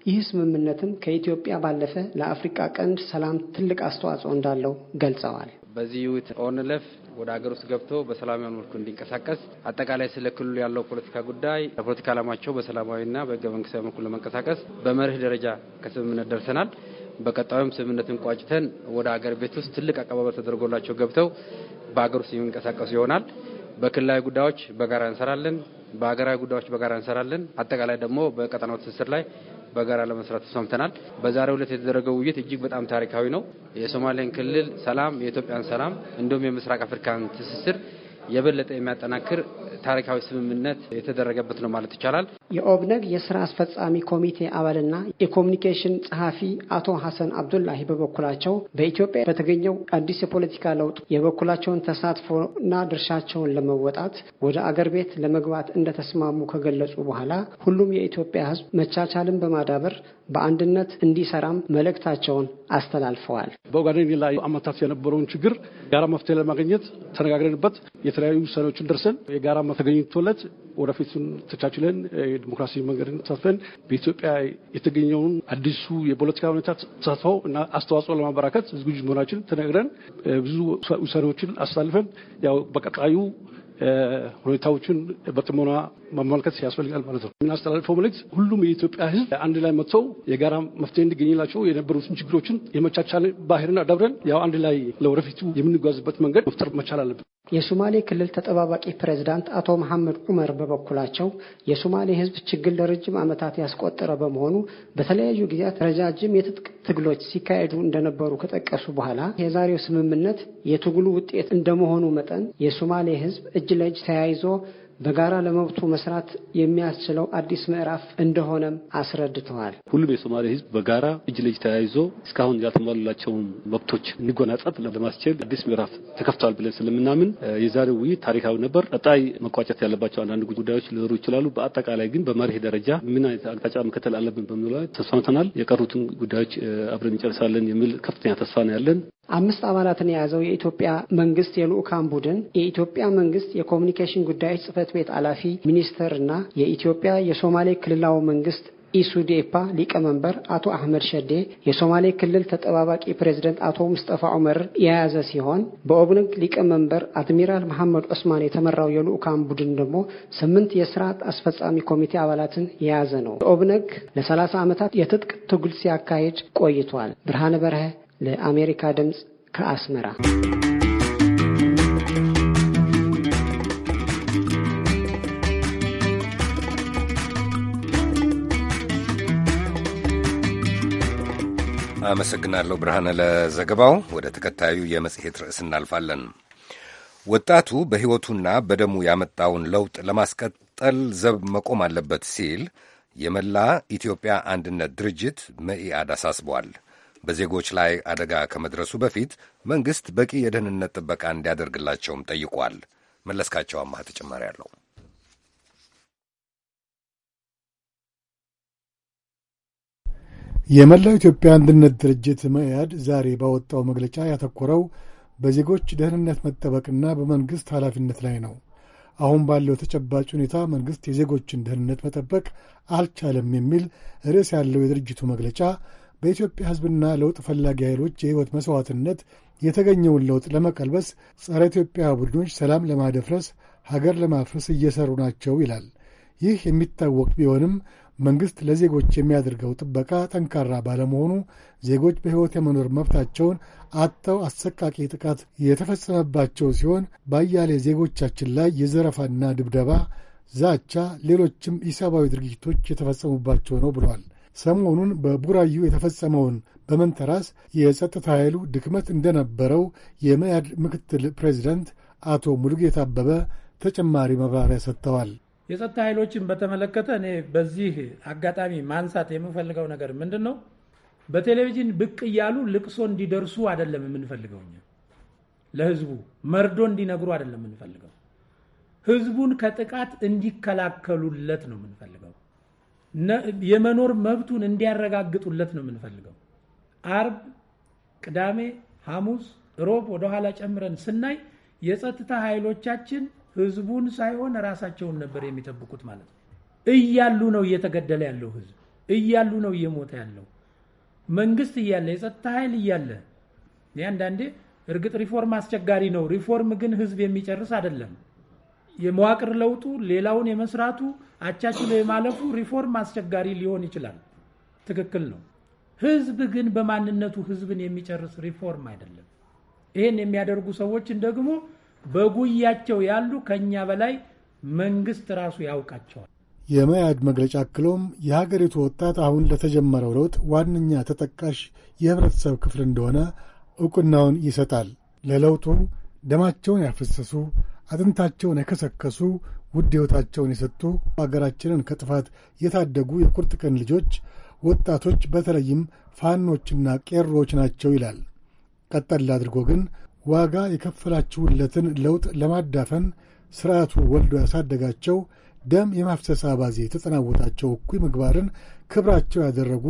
ይህ ስምምነትም ከኢትዮጵያ ባለፈ ለአፍሪቃ ቀንድ ሰላም ትልቅ አስተዋጽኦ እንዳለው ገልጸዋል። በዚህ ኦንለፍ ወደ ሀገር ውስጥ ገብቶ በሰላማዊ መልኩ እንዲንቀሳቀስ አጠቃላይ ስለ ክልሉ ያለው ፖለቲካ ጉዳይ ለፖለቲካ ዓላማቸው በሰላማዊና በህገ መንግስታዊ መልኩ ለመንቀሳቀስ በመርህ ደረጃ ከስምምነት ደርሰናል። በቀጣዩም ስምምነትን ቋጭተን ወደ ሀገር ቤት ውስጥ ትልቅ አቀባበል ተደርጎላቸው ገብተው በሀገር ውስጥ የሚንቀሳቀሱ ይሆናል። በክልላዊ ጉዳዮች በጋራ እንሰራለን። በሀገራዊ ጉዳዮች በጋራ እንሰራለን። አጠቃላይ ደግሞ በቀጠናው ትስስር ላይ በጋራ ለመስራት ተስማምተናል። በዛሬው ዕለት የተደረገው ውይይት እጅግ በጣም ታሪካዊ ነው። የሶማሌን ክልል ሰላም፣ የኢትዮጵያን ሰላም እንዲሁም የምስራቅ አፍሪካን ትስስር የበለጠ የሚያጠናክር ታሪካዊ ስምምነት የተደረገበት ነው ማለት ይቻላል። የኦብነግ የስራ አስፈጻሚ ኮሚቴ አባልና የኮሚኒኬሽን ጸሐፊ አቶ ሐሰን አብዱላሂ በበኩላቸው በኢትዮጵያ በተገኘው አዲስ የፖለቲካ ለውጥ የበኩላቸውን ተሳትፎና ድርሻቸውን ለመወጣት ወደ አገር ቤት ለመግባት እንደተስማሙ ከገለጹ በኋላ ሁሉም የኢትዮጵያ ሕዝብ መቻቻልን በማዳበር በአንድነት እንዲሰራም መልእክታቸውን አስተላልፈዋል። በኦጋዴን ላይ አመታት የነበረውን ችግር ጋራ መፍትሄ ለማግኘት ተነጋግረንበት የተለያዩ ውሳኔዎችን ደርሰን የጋራ ተገኝቶለት ወደፊቱን ተቻችለን የዲሞክራሲ መንገድን ተሳትፈን በኢትዮጵያ የተገኘውን አዲሱ የፖለቲካ ሁኔታ ተሳትፈው እና አስተዋጽኦ ለማበራከት ዝግጁ መሆናችን ተነግረን ብዙ ውሳኔዎችን አስተላልፈን ያው በቀጣዩ ሁኔታዎቹን በጥሞና መመልከት ያስፈልጋል ማለት ነው። የምናስተላልፈው መልእክት ሁሉም የኢትዮጵያ ሕዝብ አንድ ላይ መጥተው የጋራ መፍትሄ እንዲገኝላቸው የነበሩትን ችግሮችን የመቻቻል ባህርን አዳብረን ያው አንድ ላይ ለወደፊቱ የምንጓዝበት መንገድ መፍጠር መቻል አለብን። የሶማሌ ክልል ተጠባባቂ ፕሬዝዳንት አቶ መሐመድ ዑመር በበኩላቸው የሶማሌ ሕዝብ ችግር ለረጅም ዓመታት ያስቆጠረ በመሆኑ በተለያዩ ጊዜያት ረጃጅም የትጥቅ ትግሎች ሲካሄዱ እንደነበሩ ከጠቀሱ በኋላ የዛሬው ስምምነት የትግሉ ውጤት እንደመሆኑ መጠን የሶማሌ ሕዝብ እጅ ለእጅ ተያይዞ በጋራ ለመብቱ መስራት የሚያስችለው አዲስ ምዕራፍ እንደሆነም አስረድተዋል። ሁሉም የሶማሌ ሕዝብ በጋራ እጅ ለእጅ ተያይዞ እስካሁን ያልተሟላላቸውን መብቶች እንዲጎናጸፍ ለማስችል አዲስ ምዕራፍ ተከፍተዋል ብለን ስለምናምን የዛሬው ውይይት ታሪካዊ ነበር። ቀጣይ መቋጨት ያለባቸው አንዳንድ ጉዳዮች ሊኖሩ ይችላሉ። በአጠቃላይ ግን በመርህ ደረጃ ምን አይነት አቅጣጫ መከተል አለብን በሚለው ላይ ተስማምተናል። የቀሩትን ጉዳዮች አብረን እንጨርሳለን የሚል ከፍተኛ ተስፋ ነው ያለን። አምስት አባላትን የያዘው የኢትዮጵያ መንግስት የልዑካን ቡድን የኢትዮጵያ መንግስት የኮሚኒኬሽን ጉዳዮች ጽህፈት ቤት ኃላፊ ሚኒስትርና የኢትዮጵያ የሶማሌ ክልላዊ መንግስት ኢሱዴፓ ሊቀመንበር አቶ አህመድ ሸዴ፣ የሶማሌ ክልል ተጠባባቂ ፕሬዝደንት አቶ ሙስጠፋ ዑመር የያዘ ሲሆን በኦብነግ ሊቀመንበር አድሚራል መሐመድ ዑስማን የተመራው የልዑካን ቡድን ደግሞ ስምንት የስርዓት አስፈጻሚ ኮሚቴ አባላትን የያዘ ነው። ኦብነግ ለሰላሳ ዓመታት የትጥቅ ትግል ሲያካሄድ ቆይቷል። ብርሃነ በረሀ ለአሜሪካ ድምፅ ከአስመራ አመሰግናለሁ ብርሃነ ለዘገባው። ወደ ተከታዩ የመጽሔት ርዕስ እናልፋለን። ወጣቱ በሕይወቱና በደሙ ያመጣውን ለውጥ ለማስቀጠል ዘብ መቆም አለበት ሲል የመላ ኢትዮጵያ አንድነት ድርጅት መኢአድ አሳስበዋል። በዜጎች ላይ አደጋ ከመድረሱ በፊት መንግሥት በቂ የደህንነት ጥበቃ እንዲያደርግላቸውም ጠይቋል። መለስካቸው አማህ ተጨማሪ አለው። የመላው ኢትዮጵያ አንድነት ድርጅት መኢአድ ዛሬ ባወጣው መግለጫ ያተኮረው በዜጎች ደህንነት መጠበቅና በመንግሥት ኃላፊነት ላይ ነው። አሁን ባለው ተጨባጭ ሁኔታ መንግሥት የዜጎችን ደህንነት መጠበቅ አልቻለም የሚል ርዕስ ያለው የድርጅቱ መግለጫ በኢትዮጵያ ሕዝብና ለውጥ ፈላጊ ኃይሎች የሕይወት መሥዋዕትነት የተገኘውን ለውጥ ለመቀልበስ ጸረ ኢትዮጵያ ቡድኖች ሰላም ለማደፍረስ፣ ሀገር ለማፍረስ እየሠሩ ናቸው ይላል። ይህ የሚታወቅ ቢሆንም መንግሥት ለዜጎች የሚያደርገው ጥበቃ ጠንካራ ባለመሆኑ ዜጎች በሕይወት የመኖር መብታቸውን አጥተው አሰቃቂ ጥቃት የተፈጸመባቸው ሲሆን በአያሌ ዜጎቻችን ላይ የዘረፋና ድብደባ፣ ዛቻ፣ ሌሎችም ኢሰብአዊ ድርጊቶች የተፈጸሙባቸው ነው ብሏል። ሰሞኑን በቡራዩ የተፈጸመውን በመንተራስ የጸጥታ ኃይሉ ድክመት እንደነበረው የመያድ ምክትል ፕሬዚዳንት አቶ ሙሉጌታ አበበ ተጨማሪ መብራሪያ ሰጥተዋል። የጸጥታ ኃይሎችን በተመለከተ እኔ በዚህ አጋጣሚ ማንሳት የምፈልገው ነገር ምንድን ነው? በቴሌቪዥን ብቅ እያሉ ልቅሶ እንዲደርሱ አይደለም የምንፈልገው። ለህዝቡ መርዶ እንዲነግሩ አይደለም የምንፈልገው። ህዝቡን ከጥቃት እንዲከላከሉለት ነው የምንፈልገው። የመኖር መብቱን እንዲያረጋግጡለት ነው የምንፈልገው። አርብ፣ ቅዳሜ፣ ሐሙስ፣ ሮብ ወደኋላ ጨምረን ስናይ የጸጥታ ኃይሎቻችን ህዝቡን ሳይሆን ራሳቸውን ነበር የሚጠብቁት ማለት ነው። እያሉ ነው እየተገደለ ያለው ህዝብ እያሉ ነው እየሞተ ያለው መንግስት እያለ የጸጥታ ኃይል እያለ አንዳንዴ እርግጥ ሪፎርም አስቸጋሪ ነው። ሪፎርም ግን ህዝብ የሚጨርስ አይደለም። የመዋቅር ለውጡ ሌላውን የመስራቱ አቻችሎ የማለፉ ሪፎርም አስቸጋሪ ሊሆን ይችላል። ትክክል ነው። ህዝብ ግን በማንነቱ ህዝብን የሚጨርስ ሪፎርም አይደለም። ይህን የሚያደርጉ ሰዎችን ደግሞ በጉያቸው ያሉ ከእኛ በላይ መንግስት ራሱ ያውቃቸዋል። የመያድ መግለጫ አክሎም የሀገሪቱ ወጣት አሁን ለተጀመረው ለውጥ ዋነኛ ተጠቃሽ የህብረተሰብ ክፍል እንደሆነ እውቅናውን ይሰጣል። ለለውጡ ደማቸውን ያፈሰሱ አጥንታቸውን የከሰከሱ ውድ ሕይወታቸውን የሰጡ አገራችንን ከጥፋት የታደጉ የቁርጥ ቀን ልጆች፣ ወጣቶች በተለይም ፋኖችና ቄሮዎች ናቸው ይላል። ቀጠል አድርጎ ግን ዋጋ የከፈላችሁለትን ለውጥ ለማዳፈን ሥርዓቱ ወልዶ ያሳደጋቸው ደም የማፍሰስ አባዜ የተጠናወታቸው እኩይ ምግባርን ክብራቸው ያደረጉ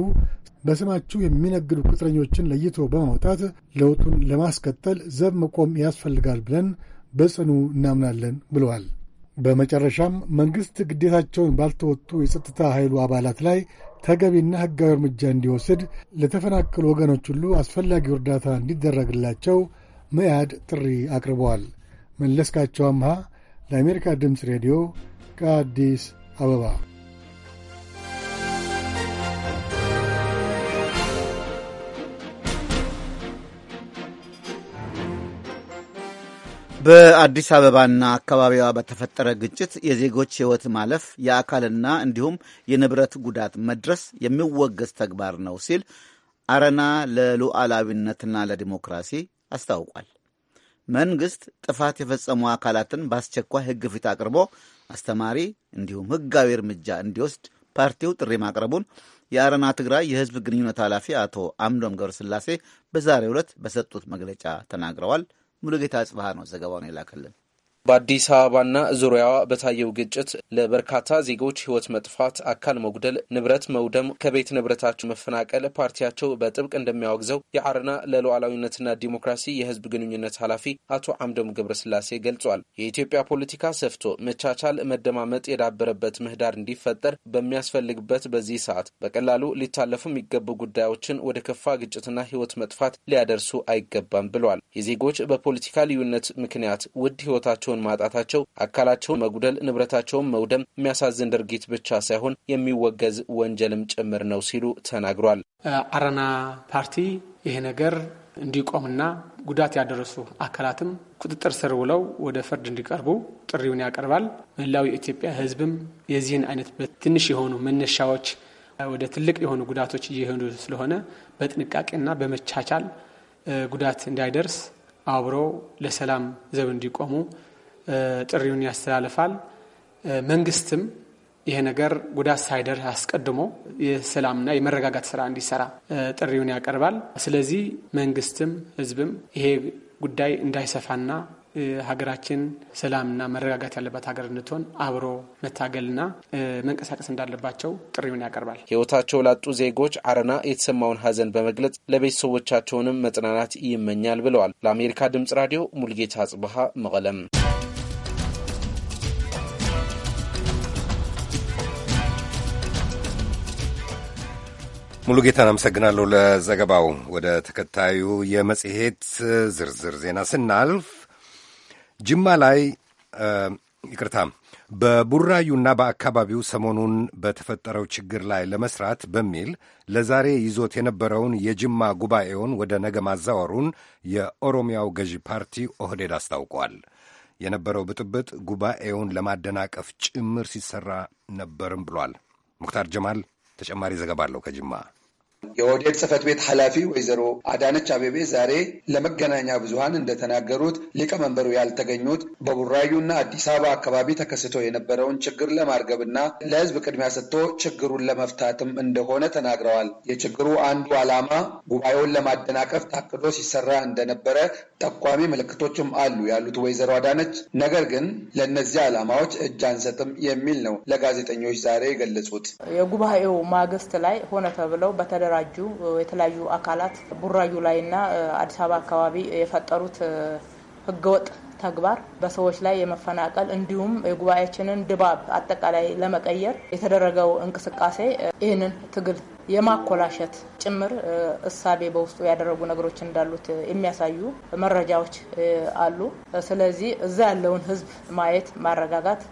በስማችሁ የሚነግዱ ቅጥረኞችን ለይቶ በማውጣት ለውጡን ለማስቀጠል ዘብ መቆም ያስፈልጋል ብለን በጽኑ እናምናለን ብለዋል። በመጨረሻም መንግሥት ግዴታቸውን ባልተወጡ የጸጥታ ኃይሉ አባላት ላይ ተገቢና ሕጋዊ እርምጃ እንዲወስድ፣ ለተፈናቀሉ ወገኖች ሁሉ አስፈላጊው እርዳታ እንዲደረግላቸው መያድ ጥሪ አቅርበዋል። መለስካቸው አምሃ ለአሜሪካ ድምፅ ሬዲዮ ከአዲስ አበባ በአዲስ አበባና አካባቢዋ በተፈጠረ ግጭት የዜጎች ሕይወት ማለፍ የአካልና እንዲሁም የንብረት ጉዳት መድረስ የሚወገዝ ተግባር ነው ሲል አረና ለሉዓላዊነትና ለዲሞክራሲ አስታውቋል። መንግሥት ጥፋት የፈጸሙ አካላትን በአስቸኳይ ሕግ ፊት አቅርቦ አስተማሪ እንዲሁም ሕጋዊ እርምጃ እንዲወስድ ፓርቲው ጥሪ ማቅረቡን የአረና ትግራይ የሕዝብ ግንኙነት ኃላፊ አቶ አምዶም ገብረስላሴ በዛሬው ዕለት በሰጡት መግለጫ ተናግረዋል። ሙሉጌታ ጽባህ ነው ዘገባውን የላከልን። በአዲስ አበባና ዙሪያዋ በታየው ግጭት ለበርካታ ዜጎች ህይወት መጥፋት፣ አካል መጉደል፣ ንብረት መውደም፣ ከቤት ንብረታቸው መፈናቀል ፓርቲያቸው በጥብቅ እንደሚያወግዘው የአረና ለሉዓላዊነትና ዲሞክራሲ የህዝብ ግንኙነት ኃላፊ አቶ አምዶም ገብረስላሴ ገልጿል። የኢትዮጵያ ፖለቲካ ሰፍቶ መቻቻል፣ መደማመጥ የዳበረበት ምህዳር እንዲፈጠር በሚያስፈልግበት በዚህ ሰዓት በቀላሉ ሊታለፉ የሚገቡ ጉዳዮችን ወደ ከፋ ግጭትና ህይወት መጥፋት ሊያደርሱ አይገባም ብሏል። የዜጎች በፖለቲካ ልዩነት ምክንያት ውድ ህይወታቸው ሕይወታቸውን ማጣታቸው፣ አካላቸውን መጉደል፣ ንብረታቸውን መውደም የሚያሳዝን ድርጊት ብቻ ሳይሆን የሚወገዝ ወንጀልም ጭምር ነው ሲሉ ተናግሯል። አረና ፓርቲ ይሄ ነገር እንዲቆምና ጉዳት ያደረሱ አካላትም ቁጥጥር ስር ውለው ወደ ፍርድ እንዲቀርቡ ጥሪውን ያቀርባል። መላው የኢትዮጵያ ህዝብም የዚህን አይነት በትንሽ የሆኑ መነሻዎች ወደ ትልቅ የሆኑ ጉዳቶች እየሄዱ ስለሆነ በጥንቃቄና በመቻቻል ጉዳት እንዳይደርስ አብሮ ለሰላም ዘብ እንዲቆሙ ጥሪውን ያስተላልፋል። መንግስትም ይሄ ነገር ጉዳት ሳይደርስ አስቀድሞ የሰላምና የመረጋጋት ስራ እንዲሰራ ጥሪውን ያቀርባል። ስለዚህ መንግስትም ህዝብም ይሄ ጉዳይ እንዳይሰፋና ሀገራችን ሰላምና መረጋጋት ያለባት ሀገር እንድትሆን አብሮ መታገልና መንቀሳቀስ እንዳለባቸው ጥሪውን ያቀርባል። ህይወታቸው ላጡ ዜጎች አረና የተሰማውን ሀዘን በመግለጽ ለቤተሰቦቻቸውንም መጽናናት ይመኛል ብለዋል። ለአሜሪካ ድምጽ ራዲዮ ሙልጌታ አጽብሃ መቀለም ሙሉ ጌታን አመሰግናለሁ ለዘገባው። ወደ ተከታዩ የመጽሔት ዝርዝር ዜና ስናልፍ ጅማ ላይ ይቅርታ፣ በቡራዩና በአካባቢው ሰሞኑን በተፈጠረው ችግር ላይ ለመስራት በሚል ለዛሬ ይዞት የነበረውን የጅማ ጉባኤውን ወደ ነገ ማዛወሩን የኦሮሚያው ገዢ ፓርቲ ኦህዴድ አስታውቋል። የነበረው ብጥብጥ ጉባኤውን ለማደናቀፍ ጭምር ሲሰራ ነበርም ብሏል። ሙክታር ጀማል ተጨማሪ ዘገባ አለው ከጅማ የኦህዴድ ጽህፈት ቤት ኃላፊ ወይዘሮ አዳነች አቤቤ ዛሬ ለመገናኛ ብዙሀን እንደተናገሩት ሊቀመንበሩ ያልተገኙት በቡራዩና አዲስ አበባ አካባቢ ተከስቶ የነበረውን ችግር ለማርገብና ለህዝብ ቅድሚያ ሰጥቶ ችግሩን ለመፍታትም እንደሆነ ተናግረዋል። የችግሩ አንዱ ዓላማ ጉባኤውን ለማደናቀፍ ታቅዶ ሲሰራ እንደነበረ ጠቋሚ ምልክቶችም አሉ ያሉት ወይዘሮ አዳነች ነገር ግን ለእነዚህ ዓላማዎች እጅ አንሰጥም የሚል ነው ለጋዜጠኞች ዛሬ የገለጹት። የጉባኤው ማግስት ላይ ሆነ ተብለው በተደራ የተደራጁ የተለያዩ አካላት ቡራዩ ላይና አዲስ አበባ አካባቢ የፈጠሩት ህገወጥ ተግባር በሰዎች ላይ የመፈናቀል እንዲሁም የጉባኤያችንን ድባብ አጠቃላይ ለመቀየር የተደረገው እንቅስቃሴ ይህንን ትግል የማኮላሸት ጭምር እሳቤ በውስጡ ያደረጉ ነገሮች እንዳሉት የሚያሳዩ መረጃዎች አሉ። ስለዚህ እዛ ያለውን ህዝብ ማየት ማረጋጋት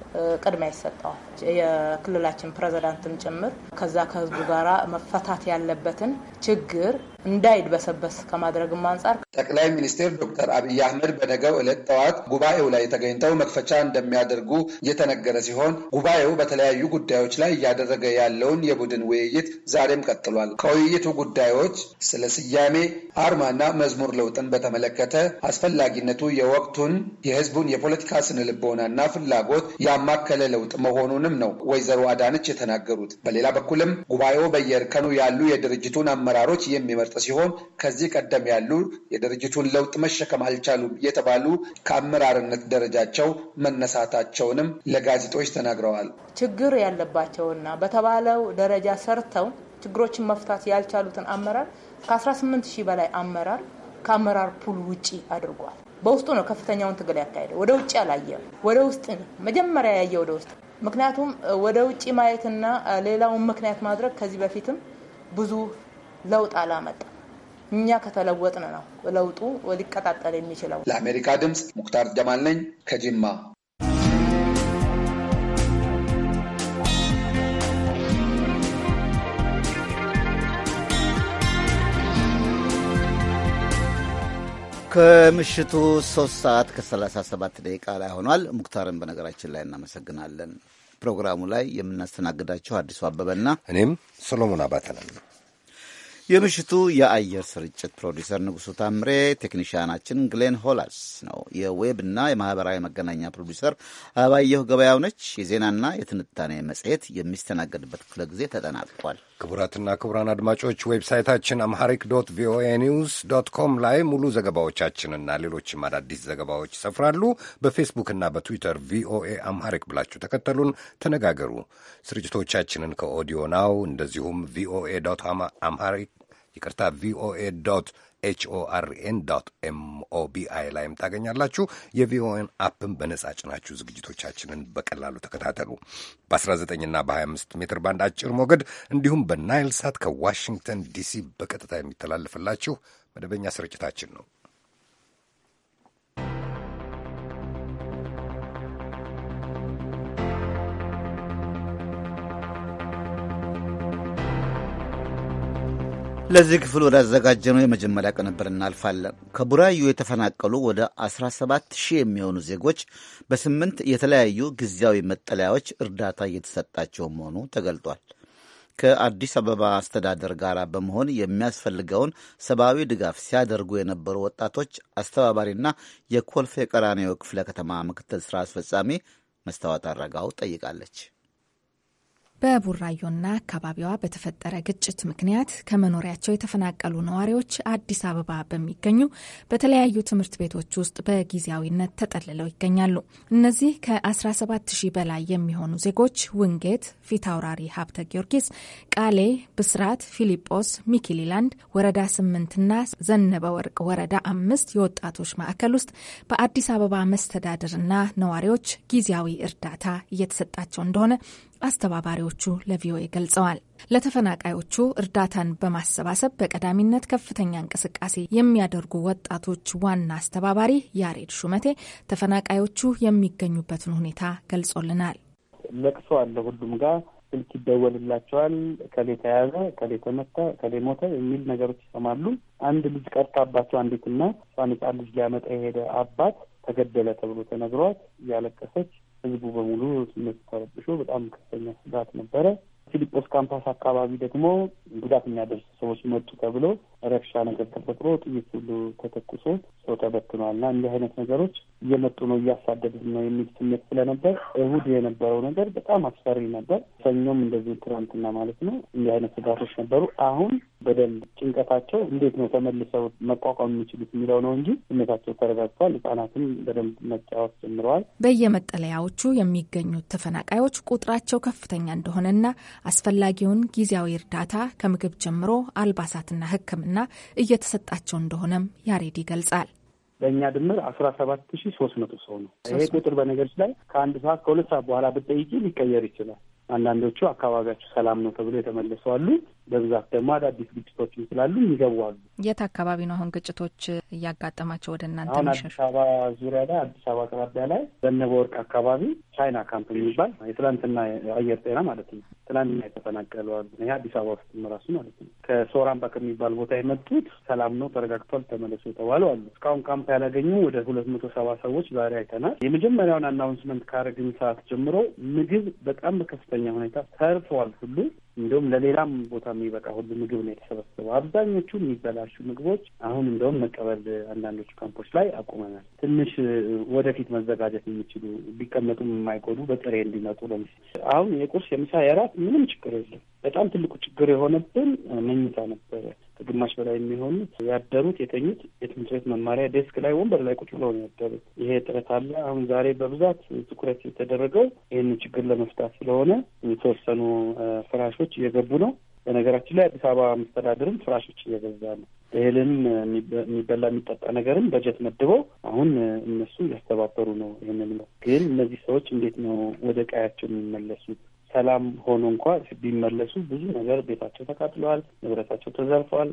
ቅድሚያ ይሰጠዋል። የክልላችን ፕሬዚዳንትም ጭምር ከዛ ከህዝቡ ጋራ መፈታት ያለበትን ችግር እንዳይድበሰበስ ከማድረግም አንጻር ጠቅላይ ሚኒስትር ዶክተር አብይ አህመድ በነገው ዕለት ጠዋት ጉባኤው ላይ ተገኝተው መክፈቻ እንደሚያደርጉ እየተነገረ ሲሆን ጉባኤው በተለያዩ ጉዳዮች ላይ እያደረገ ያለውን የቡድን ውይይት ዛሬም ቀጥሏል። ከውይይቱ ጉዳዮች ስለ ስያሜ አርማና መዝሙር ለውጥን በተመለከተ አስፈላጊነቱ የወቅቱን የህዝቡን የፖለቲካ ስነልቦናና ፍላጎት ያማከለ ለውጥ መሆኑንም ነው ወይዘሮ አዳነች የተናገሩት። በሌላ በኩልም ጉባኤው በየእርከኑ ያሉ የድርጅቱን አመራሮች የሚመር የሚበልጥ ሲሆን ከዚህ ቀደም ያሉ የድርጅቱን ለውጥ መሸከም አልቻሉም የተባሉ ከአመራርነት ደረጃቸው መነሳታቸውንም ለጋዜጦች ተናግረዋል። ችግር ያለባቸውና በተባለው ደረጃ ሰርተው ችግሮችን መፍታት ያልቻሉትን አመራር ከ18 ሺህ በላይ አመራር ከአመራር ፑል ውጪ አድርጓል። በውስጡ ነው ከፍተኛውን ትግል ያካሄደ። ወደ ውጭ አላየም። ወደ ውስጥ ነው መጀመሪያ ያየ ወደ ውስጥ ምክንያቱም ወደ ውጭ ማየትና ሌላውን ምክንያት ማድረግ ከዚህ በፊትም ብዙ ለውጥ አላመጣም። እኛ ከተለወጥን ነው ለውጡ ሊቀጣጠል የሚችለው። ለአሜሪካ ድምፅ ሙክታር ጀማል ነኝ ከጅማ። ከምሽቱ 3 ሰዓት ከ37 ደቂቃ ላይ ሆኗል። ሙክታርን በነገራችን ላይ እናመሰግናለን። ፕሮግራሙ ላይ የምናስተናግዳቸው አዲሱ አበበና እኔም ሶሎሞን አባተ ነን። የምሽቱ የአየር ስርጭት ፕሮዲሰር ንጉሱ ታምሬ፣ ቴክኒሽያናችን ግሌን ሆላስ ነው። የዌብ እና የማህበራዊ መገናኛ ፕሮዲሰር አባየሁ ገበያው ነች። የዜናና የትንታኔ መጽሔት የሚስተናገድበት ክፍለ ጊዜ ተጠናቋል። ክቡራትና ክቡራን አድማጮች ዌብሳይታችን አምሃሪክ ዶት ቪኦኤ ኒውስ ዶት ኮም ላይ ሙሉ ዘገባዎቻችንና ሌሎችም አዳዲስ ዘገባዎች ይሰፍራሉ። በፌስቡክና በትዊተር ቪኦኤ አምሃሪክ ብላችሁ ተከተሉን፣ ተነጋገሩ። ስርጭቶቻችንን ከኦዲዮ ናው እንደዚሁም ቪኦኤ ዶት ይቅርታ ቪኦኤ ዶት ኤችኦአርኤን ዶት ኤምኦቢአይ ላይም ታገኛላችሁ። የቪኦኤን አፕን በነጻ ጭናችሁ ዝግጅቶቻችንን በቀላሉ ተከታተሉ። በ19ና በ25 ሜትር ባንድ አጭር ሞገድ እንዲሁም በናይል ሳት ከዋሽንግተን ዲሲ በቀጥታ የሚተላለፍላችሁ መደበኛ ስርጭታችን ነው። ለዚህ ክፍል ወዳዘጋጀ ነው የመጀመሪያ ቅንብር እናልፋለን። ከቡራዩ የተፈናቀሉ ወደ 17 ሺህ የሚሆኑ ዜጎች በስምንት የተለያዩ ጊዜያዊ መጠለያዎች እርዳታ እየተሰጣቸው መሆኑ ተገልጧል። ከአዲስ አበባ አስተዳደር ጋር በመሆን የሚያስፈልገውን ሰብአዊ ድጋፍ ሲያደርጉ የነበሩ ወጣቶች አስተባባሪና የኮልፌ ቀራኒዮ ክፍለ ከተማ ምክትል ስራ አስፈጻሚ መስታወት አረጋው ጠይቃለች። በቡራዮና አካባቢዋ በተፈጠረ ግጭት ምክንያት ከመኖሪያቸው የተፈናቀሉ ነዋሪዎች አዲስ አበባ በሚገኙ በተለያዩ ትምህርት ቤቶች ውስጥ በጊዜያዊነት ተጠልለው ይገኛሉ። እነዚህ ከ17 ሺህ በላይ የሚሆኑ ዜጎች ውንጌት፣ ፊታውራሪ ሀብተ ጊዮርጊስ፣ ቃሌ፣ ብስራት፣ ፊሊጶስ፣ ሚኪሊላንድ ወረዳ ስምንትና ዘነበ ወርቅ ወረዳ አምስት የወጣቶች ማዕከል ውስጥ በአዲስ አበባ መስተዳድርና ነዋሪዎች ጊዜያዊ እርዳታ እየተሰጣቸው እንደሆነ አስተባባሪዎቹ ለቪኦኤ ገልጸዋል። ለተፈናቃዮቹ እርዳታን በማሰባሰብ በቀዳሚነት ከፍተኛ እንቅስቃሴ የሚያደርጉ ወጣቶች ዋና አስተባባሪ ያሬድ ሹመቴ ተፈናቃዮቹ የሚገኙበትን ሁኔታ ገልጾልናል። ለቅሶ አለ ሁሉም ጋር ስልክ ይደወልላቸዋል። ከሌ ተያዘ፣ ከሌ ተመታ፣ ከሌ ሞተ የሚል ነገሮች ይሰማሉ። አንድ ልጅ ቀርታባቸው አንዲትና ሷን ህፃን ልጅ ሊያመጣ የሄደ አባት ተገደለ ተብሎ ተነግሯት እያለቀሰች ህዝቡ በሙሉ ስሜት ተረብሾ በጣም ከፍተኛ ስጋት ነበረ። ፊልጶስ ካምፓስ አካባቢ ደግሞ ጉዳት የሚያደርሱ ሰዎች መጡ ተብሎ ረብሻ ነገር ተፈጥሮ ጥይት ሁሉ ተተኩሶ ሰው ተበትኗል እና እንዲህ አይነት ነገሮች እየመጡ ነው እያሳደዱት ነው የሚል ስሜት ስለነበር እሁድ የነበረው ነገር በጣም አስፈሪ ነበር። ሰኞም እንደዚህ ትናንትና ማለት ነው እንዲህ አይነት ስጋቶች ነበሩ። አሁን በደንብ ጭንቀታቸው እንዴት ነው ተመልሰው መቋቋም የሚችሉት የሚለው ነው እንጂ ስሜታቸው ተረጋግቷል። ህጻናትም በደንብ መጫወት ጀምረዋል። በየመጠለያዎቹ የሚገኙት ተፈናቃዮች ቁጥራቸው ከፍተኛ እንደሆነና አስፈላጊውን ጊዜያዊ እርዳታ ከምግብ ጀምሮ አልባሳትና ሕክምና እየተሰጣቸው እንደሆነም ያሬድ ይገልጻል። በእኛ ድምር አስራ ሰባት ሺ ሶስት መቶ ሰው ነው። ይሄ ቁጥር በነገሮች ላይ ከአንድ ሰዓት ከሁለት ሰዓት በኋላ ብጠይቂ ሊቀየር ይችላል። አንዳንዶቹ አካባቢያቸው ሰላም ነው ተብሎ የተመለሱ አሉ። በብዛት ደግሞ አዳዲስ ግጭቶችም ስላሉ ይገቡ የት አካባቢ ነው አሁን ግጭቶች እያጋጠማቸው ወደ እናንተ? አሁን አዲስ አበባ ዙሪያ ላይ አዲስ አበባ አቅራቢያ ላይ በነበ ወርቅ አካባቢ ቻይና ካምፕ የሚባል የትላንትና አየር ጤና ማለት ነው ትላንትና የተፈናቀሉ አሉ። ይህ አዲስ አበባ ውስጥ ራሱ ማለት ነው ከሶራምባ ከሚባል ቦታ የመጡት ሰላም ነው ተረጋግቷል፣ ተመለሱ የተባሉ አሉ። እስካሁን ካምፕ ያላገኙ ወደ ሁለት መቶ ሰባ ሰዎች ዛሬ አይተናል። የመጀመሪያውን አናውንስመንት ካረግን ሰዓት ጀምሮ ምግብ በጣም በከፍተኛ ሁኔታ ተርፈዋል ሁሉ እንዲሁም ለሌላም ቦታ የሚበቃ ሁሉ ምግብ ነው የተሰበሰበው። አብዛኞቹ የሚበላሹ ምግቦች አሁን እንደውም መቀበል አንዳንዶቹ ካምፖች ላይ አቁመናል። ትንሽ ወደፊት መዘጋጀት የሚችሉ ቢቀመጡም የማይጎዱ በጥሬ እንዲመጡ ለምስ አሁን የቁርስ የምሳ የራት ምንም ችግር የለም። በጣም ትልቁ ችግር የሆነብን መኝታ ነበረ። ግማሽ በላይ የሚሆኑት ያደሩት የተኙት የትምህርት ቤት መማሪያ ዴስክ ላይ ወንበር ላይ ቁጭ ብለው ነው ያደሩት። ይሄ ጥረት አለ። አሁን ዛሬ በብዛት ትኩረት የተደረገው ይህን ችግር ለመፍታት ስለሆነ የተወሰኑ ፍራሾች እየገቡ ነው። በነገራችን ላይ አዲስ አበባ መስተዳድርም ፍራሾች እየገዛ ነው። እህልም የሚበላ የሚጠጣ ነገርም በጀት መድበው አሁን እነሱ እያስተባበሩ ነው። ይህንን ግን እነዚህ ሰዎች እንዴት ነው ወደ ቀያቸው የሚመለሱት? ሰላም ሆኖ እንኳ ቢመለሱ ብዙ ነገር ቤታቸው ተቃጥለዋል፣ ንብረታቸው ተዘርፈዋል።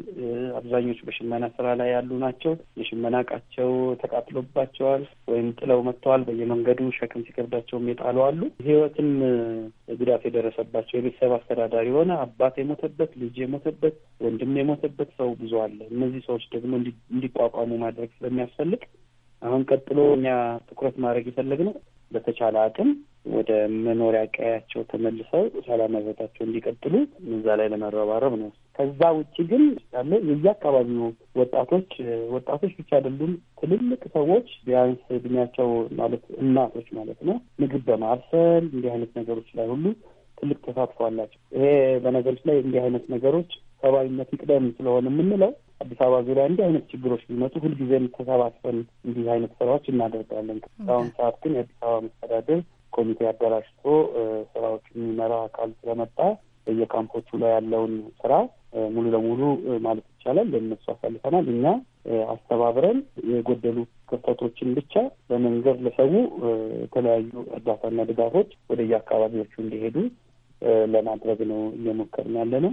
አብዛኞቹ በሽመና ስራ ላይ ያሉ ናቸው። የሽመና እቃቸው ተቃጥሎባቸዋል ወይም ጥለው መጥተዋል። በየመንገዱ ሸክም ሲከብዳቸውም የጣሉ አሉ። ህይወትም ጉዳት የደረሰባቸው የቤተሰብ አስተዳዳሪ የሆነ አባት የሞተበት፣ ልጅ የሞተበት፣ ወንድም የሞተበት ሰው ብዙ አለ። እነዚህ ሰዎች ደግሞ እንዲቋቋሙ ማድረግ ስለሚያስፈልግ አሁን ቀጥሎ እኛ ትኩረት ማድረግ የፈለግነው በተቻለ አቅም ወደ መኖሪያ ቀያቸው ተመልሰው ሰላም ህይወታቸው እንዲቀጥሉ እዛ ላይ ለመረባረብ ነው። ከዛ ውጭ ግን ያለ የየአካባቢው ወጣቶች ወጣቶች ብቻ አይደሉም፣ ትልልቅ ሰዎች ቢያንስ እድሜያቸው ማለት እናቶች ማለት ነው ምግብ በማብሰል እንዲህ አይነት ነገሮች ላይ ሁሉ ትልቅ ተሳትፎ አላቸው። ይሄ በነገሮች ላይ እንዲህ አይነት ነገሮች ሰብአዊነት ይቅደም ስለሆነ የምንለው አዲስ አበባ ዙሪያ እንዲህ አይነት ችግሮች ቢመጡ ሁልጊዜም ተሰባስበን እንዲህ አይነት ስራዎች እናደርጋለን። ከአሁን ሰዓት ግን የአዲስ አበባ መስተዳደር ኮሚቴ አደራጅቶ ስራዎች የሚመራ አካል ስለመጣ በየካምፖቹ ላይ ያለውን ስራ ሙሉ ለሙሉ ማለት ይቻላል ለነሱ አሳልፈናል። እኛ አስተባብረን የጎደሉ ክፍተቶችን ብቻ በመንገድ ለሰው የተለያዩ እርዳታና ድጋፎች ወደየአካባቢዎቹ እንዲሄዱ ለማድረግ ነው እየሞከርን ያለ ነው።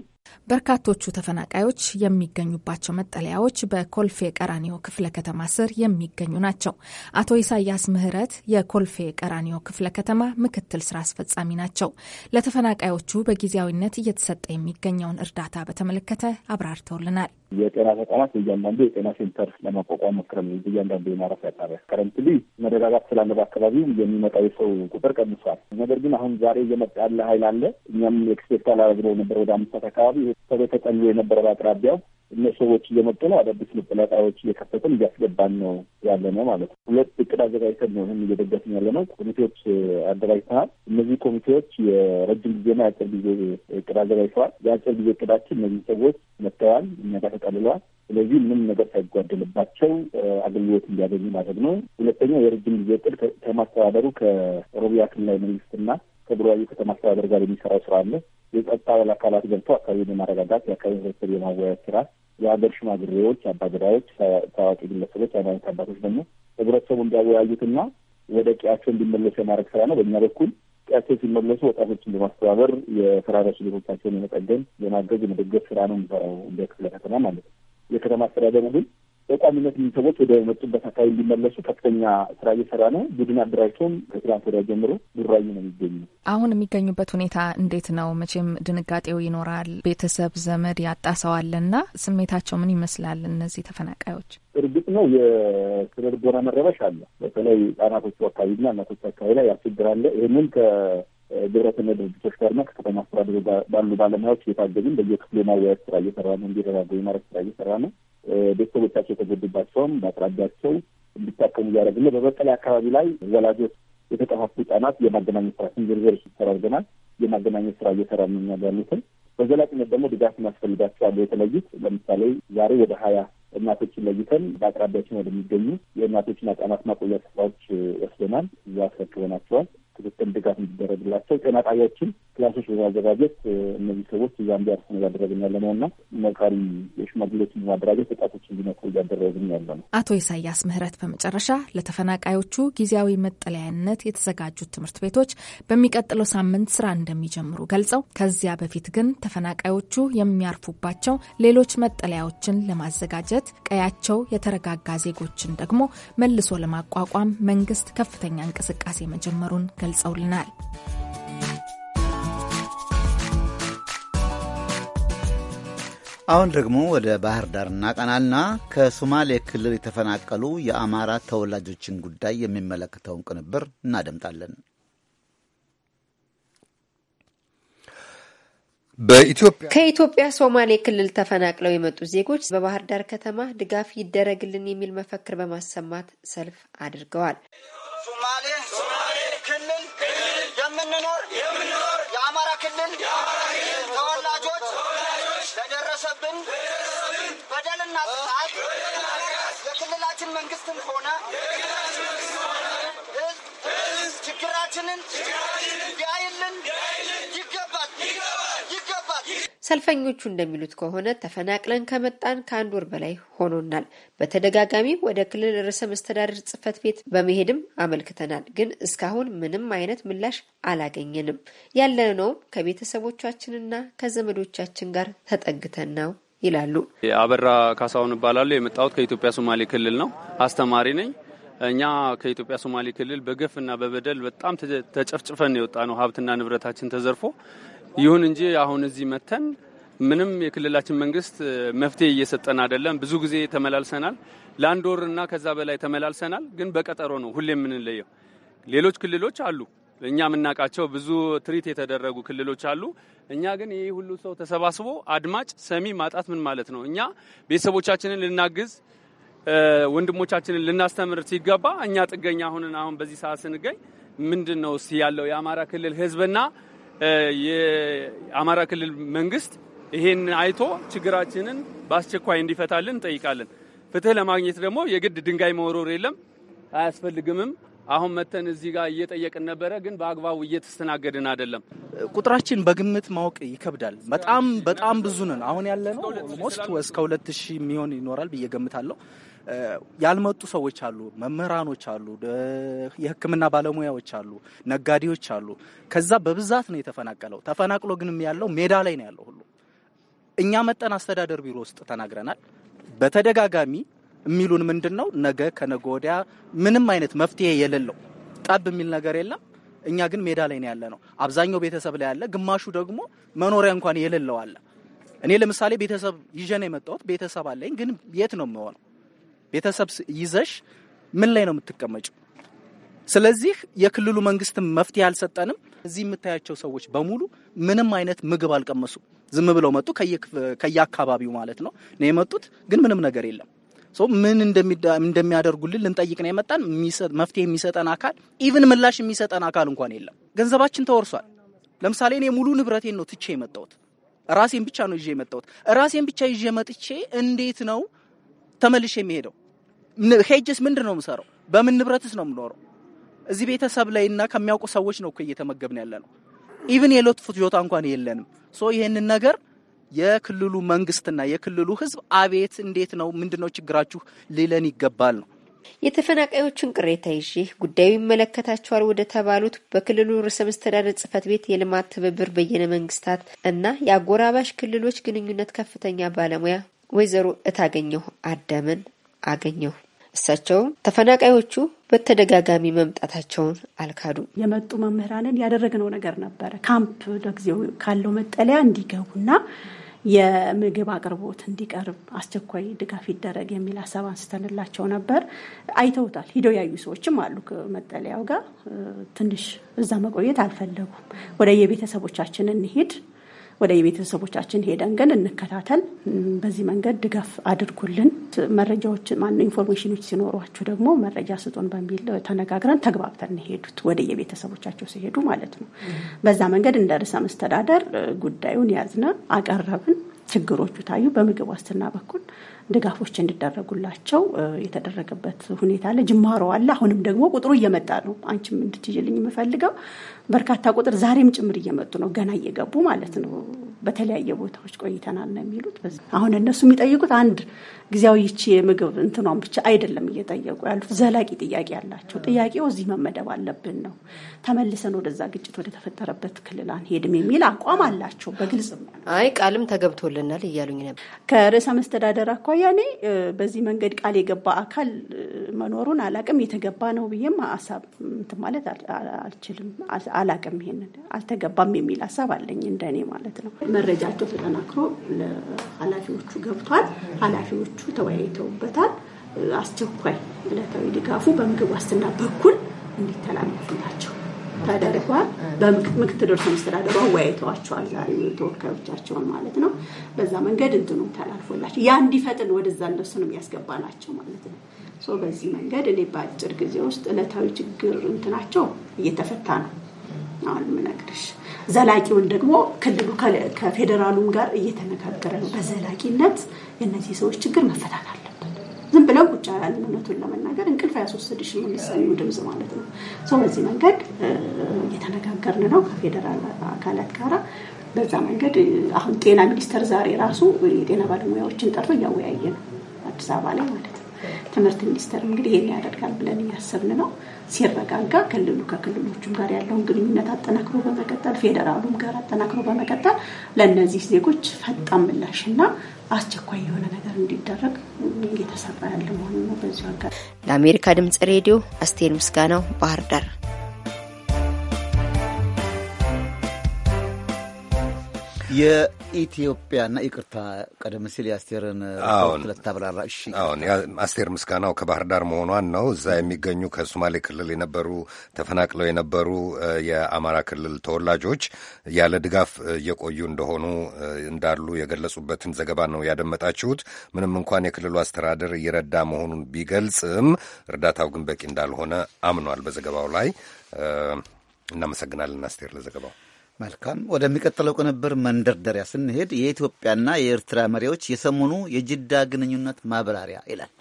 በርካቶቹ ተፈናቃዮች የሚገኙባቸው መጠለያዎች በኮልፌ ቀራኒዮ ክፍለ ከተማ ስር የሚገኙ ናቸው። አቶ ኢሳያስ ምህረት የኮልፌ ቀራኒዮ ክፍለ ከተማ ምክትል ስራ አስፈጻሚ ናቸው። ለተፈናቃዮቹ በጊዜያዊነት እየተሰጠ የሚገኘውን እርዳታ በተመለከተ አብራርተውልናል። የጤና ተቋማት እያንዳንዱ የጤና ሴንተር ለማቋቋም መክረም በእያንዳንዱ የማረፊያ ጣቢያ ከረንት መደጋጋት ስላለ በአካባቢው የሚመጣው የሰው ቁጥር ቀንሷል። ነገር ግን አሁን ዛሬ እየመጣ ያለ ሀይል አለ። እኛም ኤክስፔክት አላረግነው ነበር ወደ አምስት አካባቢ አካባቢ ተበተጠሉ የነበረ በአቅራቢያው እነሱ ሰዎች እየመጡ ነው። አዳዲስ መጠለቂያዎች እየከፈትን እያስገባን ነው ያለ ነው ማለት ነው። ሁለት እቅድ አዘጋጅተን ነው ይህን እየደገፍን ያለ ነው። ኮሚቴዎች አደራጅተናል። እነዚህ ኮሚቴዎች የረጅም ጊዜና የአጭር ጊዜ እቅድ አዘጋጅተዋል። የአጭር ጊዜ እቅዳችን እነዚህ ሰዎች መጥተዋል፣ እኛ ጋር ተጠልለዋል። ስለዚህ ምንም ነገር ሳይጓደልባቸው አገልግሎት እንዲያገኙ ማድረግ ነው። ሁለተኛው የረጅም ጊዜ እቅድ ከማስተዳደሩ ከኦሮሚያ ክልላዊ መንግስትና ከቡራዩ ከተማ አስተዳደር ጋር የሚሰራው ስራ አለ። የጸጥታ ኃይል አካላት ገብቶ አካባቢ የማረጋጋት የአካባቢ ህብረተሰብ የማወያየት ስራ፣ የሀገር ሽማግሬዎች፣ አባገዳዎች፣ ታዋቂ ግለሰቦች፣ ሃይማኖት አባቶች ደግሞ ህብረተሰቡ እንዲያወያዩትና ወደ ቀያቸው እንዲመለሱ የማድረግ ስራ ነው። በእኛ በኩል ቀያቸው ሲመለሱ ወጣቶችን በማስተባበር የፈራረሱ ቤቶቻቸውን የመጠገን የማገዝ የመደገፍ ስራ ነው የሚሰራው እንደ ክፍለ ከተማ ማለት ነው። የከተማ አስተዳደሩ ግን በቋሚነት እነዚህ ሰዎች ወደ መጡበት አካባቢ እንዲመለሱ ከፍተኛ ስራ እየሰራ ነው። ቡድን አደራጅቶም ከትላንት ወዲያ ጀምሮ ቡራዩ ነው የሚገኙ። አሁን የሚገኙበት ሁኔታ እንዴት ነው? መቼም ድንጋጤው ይኖራል። ቤተሰብ ዘመድ ያጣሰዋልና ስሜታቸው ምን ይመስላል? እነዚህ ተፈናቃዮች እርግጥ ነው የስነ ልቦና መረበሽ አለ። በተለይ ህጻናቶቹ አካባቢና እናቶች አካባቢ ላይ ያስቸግራለ። ይህንን ከግብረሰናይ ድርጅቶች ጋርና ከከተማ አስተዳደሩ ባሉ ባለሙያዎች እየታገዝን በየክፍሉ የማወያየት ስራ እየሰራ ነው። እንዲረጋገ የማድረግ ስራ እየሰራ ነው። ቤተሰቦቻቸው የተጎዱባቸውም በአቅራቢያቸው እንዲታከሙ እያደረግን በመቀሌ አካባቢ ላይ ወላጆች የተጠፋፉ ህጻናት የማገናኘት ስራ ስንዝርዝር ስራ አድርገናል። የማገናኘት ስራ እየሰራ ነው ያሉትን በዘላቂነት ደግሞ ድጋፍ ያስፈልጋቸዋል። የተለዩት ለምሳሌ ዛሬ ወደ ሀያ እናቶችን ለይተን በአቅራቢያችን ወደሚገኙ የእናቶችና ህጻናት ማቆያ ስፍራዎች ወስደናል። እዛ አስረክበናቸዋል። ክትትል፣ ድጋፍ እንዲደረግላቸው ጤና ጣቢያዎችን ክላሶች በማዘጋጀት እነዚህ ሰዎች እዛ እንዲያርፉ እያደረግን ያለ ነው እና መካሪ የሽማግሌዎችን በማደራጀት ወጣቶች እንዲመክሩ እያደረግን ያለ ነው። አቶ ኢሳያስ ምህረት በመጨረሻ ለተፈናቃዮቹ ጊዜያዊ መጠለያነት የተዘጋጁት ትምህርት ቤቶች በሚቀጥለው ሳምንት ስራ እንደሚጀምሩ ገልጸው ከዚያ በፊት ግን ተፈናቃዮቹ የሚያርፉባቸው ሌሎች መጠለያዎችን ለማዘጋጀት ቀያቸው የተረጋጋ ዜጎችን ደግሞ መልሶ ለማቋቋም መንግስት ከፍተኛ እንቅስቃሴ መጀመሩን ገ ገልጸውልናል። አሁን ደግሞ ወደ ባህር ዳር እናቀናልና ከሶማሌ ክልል የተፈናቀሉ የአማራ ተወላጆችን ጉዳይ የሚመለከተውን ቅንብር እናደምጣለን። ከኢትዮጵያ ሶማሌ ክልል ተፈናቅለው የመጡ ዜጎች በባህር ዳር ከተማ ድጋፍ ይደረግልን የሚል መፈክር በማሰማት ሰልፍ አድርገዋል። የምንኖር የአማራ ክልል ተወላጆች ለደረሰብን በደልና ጥፋት የክልላችን መንግስትም ሆነ ችግራችንን ያይልን ሰልፈኞቹ እንደሚሉት ከሆነ ተፈናቅለን ከመጣን ከአንድ ወር በላይ ሆኖናል። በተደጋጋሚ ወደ ክልል ርዕሰ መስተዳድር ጽህፈት ቤት በመሄድም አመልክተናል። ግን እስካሁን ምንም አይነት ምላሽ አላገኘንም። ያለነውም ከቤተሰቦቻችንና ከዘመዶቻችን ጋር ተጠግተን ነው ይላሉ። አበራ ካሳሁን እባላለሁ። የመጣሁት ከኢትዮጵያ ሶማሌ ክልል ነው። አስተማሪ ነኝ። እኛ ከኢትዮጵያ ሶማሌ ክልል በገፍና በበደል በጣም ተጨፍጭፈን የወጣ ነው። ሀብትና ንብረታችን ተዘርፎ ይሁን እንጂ አሁን እዚህ መተን ምንም የክልላችን መንግስት መፍትሄ እየሰጠን አይደለም። ብዙ ጊዜ ተመላልሰናል። ለአንድ ወር እና ከዛ በላይ ተመላልሰናል። ግን በቀጠሮ ነው ሁሌ የምንለየው። ሌሎች ክልሎች አሉ እኛ የምናውቃቸው ብዙ ትሪት የተደረጉ ክልሎች አሉ። እኛ ግን ይህ ሁሉ ሰው ተሰባስቦ አድማጭ ሰሚ ማጣት ምን ማለት ነው? እኛ ቤተሰቦቻችንን ልናግዝ ወንድሞቻችንን ልናስተምር ሲገባ እኛ ጥገኛ አሁንን አሁን በዚህ ሰዓት ስንገኝ ምንድን ነው ያለው የአማራ ክልል ህዝብና የአማራ ክልል መንግስት ይሄን አይቶ ችግራችንን በአስቸኳይ እንዲፈታልን እንጠይቃለን። ፍትህ ለማግኘት ደግሞ የግድ ድንጋይ መወርወር የለም አያስፈልግምም። አሁን መተን እዚህ ጋር እየጠየቅን ነበረ፣ ግን በአግባቡ እየተስተናገድን አይደለም። ቁጥራችን በግምት ማወቅ ይከብዳል። በጣም በጣም ብዙ ነን። አሁን ያለ ነው ኦልሞስት እስከ ሁለት ሺህ የሚሆን ይኖራል ብዬ ገምታለሁ። ያልመጡ ሰዎች አሉ፣ መምህራኖች አሉ፣ የሕክምና ባለሙያዎች አሉ፣ ነጋዴዎች አሉ። ከዛ በብዛት ነው የተፈናቀለው። ተፈናቅሎ ግንም ያለው ሜዳ ላይ ነው ያለው ሁሉ እኛ መጠን አስተዳደር ቢሮ ውስጥ ተናግረናል በተደጋጋሚ የሚሉን ምንድን ነው? ነገ ከነገ ወዲያ ምንም አይነት መፍትሄ የሌለው ጠብ የሚል ነገር የለም። እኛ ግን ሜዳ ላይ ነው ያለ ነው። አብዛኛው ቤተሰብ ላይ ያለ፣ ግማሹ ደግሞ መኖሪያ እንኳን የሌለው አለ። እኔ ለምሳሌ ቤተሰብ ይዤ ነው የመጣሁት። ቤተሰብ አለኝ፣ ግን የት ነው የምሆነው? ቤተሰብ ይዘሽ ምን ላይ ነው የምትቀመጭ? ስለዚህ የክልሉ መንግስት መፍትሄ አልሰጠንም። እዚህ የምታያቸው ሰዎች በሙሉ ምንም አይነት ምግብ አልቀመሱ ዝም ብለው መጡ፣ ከየአካባቢው ማለት ነው ነው የመጡት። ግን ምንም ነገር የለም። ምን እንደሚያደርጉልን ልንጠይቅ ነው የመጣን። መፍትሄ የሚሰጠን አካል ኢቭን ምላሽ የሚሰጠን አካል እንኳን የለም። ገንዘባችን ተወርሷል። ለምሳሌ እኔ ሙሉ ንብረቴን ነው ትቼ የመጣሁት። ራሴን ብቻ ነው ይዤ የመጣሁት። ራሴን ብቻ ይዤ መጥቼ እንዴት ነው ተመልሼ የሚሄደው? ሄጅስ ምንድን ነው የምሰራው? በምን ንብረትስ ነው የምኖረው? እዚህ ቤተሰብ ላይ እና ከሚያውቁ ሰዎች ነው እኮ እየተመገብን ያለ ነው። ኢቭን የሎት ፍጆታ እንኳን የለንም። ሶ ይህንን ነገር የክልሉ መንግስትና የክልሉ ህዝብ አቤት እንዴት ነው ምንድነው ችግራችሁ ሊለን ይገባል ነው የተፈናቃዮቹን ቅሬታ ይዤ ጉዳዩ ይመለከታቸዋል ወደ ተባሉት በክልሉ ርዕሰ መስተዳደር ጽህፈት ቤት የልማት ትብብር በየነ መንግስታት እና የአጎራባሽ ክልሎች ግንኙነት ከፍተኛ ባለሙያ ወይዘሮ እታገኘሁ አዳምን አገኘሁ። እሳቸውም ተፈናቃዮቹ በተደጋጋሚ መምጣታቸውን አልካዱ። የመጡ መምህራንን ያደረግነው ነገር ነበረ። ካምፕ ለጊዜው ካለው መጠለያ እንዲገቡና የምግብ አቅርቦት እንዲቀርብ አስቸኳይ ድጋፍ ይደረግ የሚል ሀሳብ አንስተንላቸው ነበር። አይተውታል። ሂደው ያዩ ሰዎችም አሉ። ከመጠለያው ጋር ትንሽ እዛ መቆየት አልፈለጉም። ወደ የቤተሰቦቻችን እንሄድ ወደ የቤተሰቦቻችን ሄደን ግን እንከታተል። በዚህ መንገድ ድጋፍ አድርጉልን። መረጃዎች ማን ኢንፎርሜሽኖች ሲኖሯችሁ ደግሞ መረጃ ስጡን በሚል ተነጋግረን ተግባብተን ሄዱት ወደ የቤተሰቦቻቸው ሲሄዱ ማለት ነው። በዛ መንገድ እንደ ርዕሰ መስተዳደር ጉዳዩን ያዝነ አቀረብን። ችግሮቹ ታዩ። በምግብ ዋስትና በኩል ድጋፎች እንዲደረጉላቸው የተደረገበት ሁኔታ አለ። ጅማሮ አለ። አሁንም ደግሞ ቁጥሩ እየመጣ ነው። አንቺም እንድትይልኝ የምፈልገው በርካታ ቁጥር ዛሬም ጭምር እየመጡ ነው። ገና እየገቡ ማለት ነው። በተለያየ ቦታዎች ቆይተናል ነው የሚሉት። አሁን እነሱ የሚጠይቁት አንድ ጊዜያዊ ይቺ የምግብ እንትኗን ብቻ አይደለም እየጠየቁ ያሉት፣ ዘላቂ ጥያቄ ያላቸው ጥያቄው እዚህ መመደብ አለብን ነው። ተመልሰን ወደዛ ግጭት ወደ ተፈጠረበት ክልል አንሄድም የሚል አቋም አላቸው። በግልጽ አይ ቃልም ተገብቶልናል እያሉኝ ነበር። ከርዕሰ መስተዳደር አኳ ወያኔ በዚህ መንገድ ቃል የገባ አካል መኖሩን አላቅም። የተገባ ነው ብዬም ሀሳብ እንትን ማለት አልችልም። አላቅም፣ ይሄንን አልተገባም የሚል ሀሳብ አለኝ፣ እንደኔ ማለት ነው። መረጃቸው ተጠናክሮ ለኃላፊዎቹ ገብቷል። ኃላፊዎቹ ተወያይተውበታል። አስቸኳይ ዕለታዊ ድጋፉ በምግብ ዋስትና በኩል እንዲተላለፍላቸው ተደርጓል። በምክትል ርዕሰ መስተዳደሩ አወያይተዋቸዋል። ዛሬ ተወካዮቻቸውን ማለት ነው። በዛ መንገድ እንትኑ ተላልፎላቸው ያ እንዲፈጥን ወደዛ እነሱንም ያስገባ ናቸው ማለት ነው። በዚህ መንገድ እኔ በአጭር ጊዜ ውስጥ እለታዊ ችግር እንትናቸው እየተፈታ ነው። አሁን ምነግርሽ ዘላቂውን ደግሞ ክልሉ ከፌዴራሉም ጋር እየተነጋገረ ነው። በዘላቂነት የእነዚህ ሰዎች ችግር መፈታት አለ። ዝም ብለው ቁጭ አላለም። እውነቱን ለመናገር እንቅልፍ ያስወሰድሽ የምትሰሚው ድምፅ ማለት ነው። ሰው በዚህ መንገድ እየተነጋገርን ነው ከፌዴራል አካላት ጋራ በዛ መንገድ አሁን ጤና ሚኒስቴር ዛሬ ራሱ የጤና ባለሙያዎችን ጠርቶ እያወያየ ነው አዲስ አበባ ላይ ማለት ነው። ትምህርት ሚኒስቴር እንግዲህ ይሄን ያደርጋል ብለን እያሰብን ነው። ሲረጋጋ ክልሉ ከክልሎቹም ጋር ያለውን ግንኙነት አጠናክሮ በመቀጠል ፌዴራሉም ጋር አጠናክሮ በመቀጠል ለእነዚህ ዜጎች ፈጣን ምላሽና አስቸኳይ የሆነ ነገር እንዲደረግ እየተሰራ ያለ መሆኑ ነው። በዚሁ አጋር ለአሜሪካ ድምጽ ሬዲዮ አስቴር ምስጋናው ባህር ዳር የኢትዮጵያና ይቅርታ፣ ቀደም ሲል የአስቴርን ልታብራራ። እሺ፣ አሁን አስቴር ምስጋናው ከባህር ዳር መሆኗን ነው። እዛ የሚገኙ ከሶማሌ ክልል የነበሩ ተፈናቅለው የነበሩ የአማራ ክልል ተወላጆች ያለ ድጋፍ እየቆዩ እንደሆኑ እንዳሉ የገለጹበትን ዘገባ ነው ያደመጣችሁት። ምንም እንኳን የክልሉ አስተዳደር እየረዳ መሆኑን ቢገልጽም እርዳታው ግን በቂ እንዳልሆነ አምኗል በዘገባው ላይ። እናመሰግናለን አስቴር ለዘገባው። መልካም ወደሚቀጥለው ቅንብር መንደርደሪያ ስንሄድ የኢትዮጵያና የኤርትራ መሪዎች የሰሞኑ የጅዳ ግንኙነት ማብራሪያ ይላል።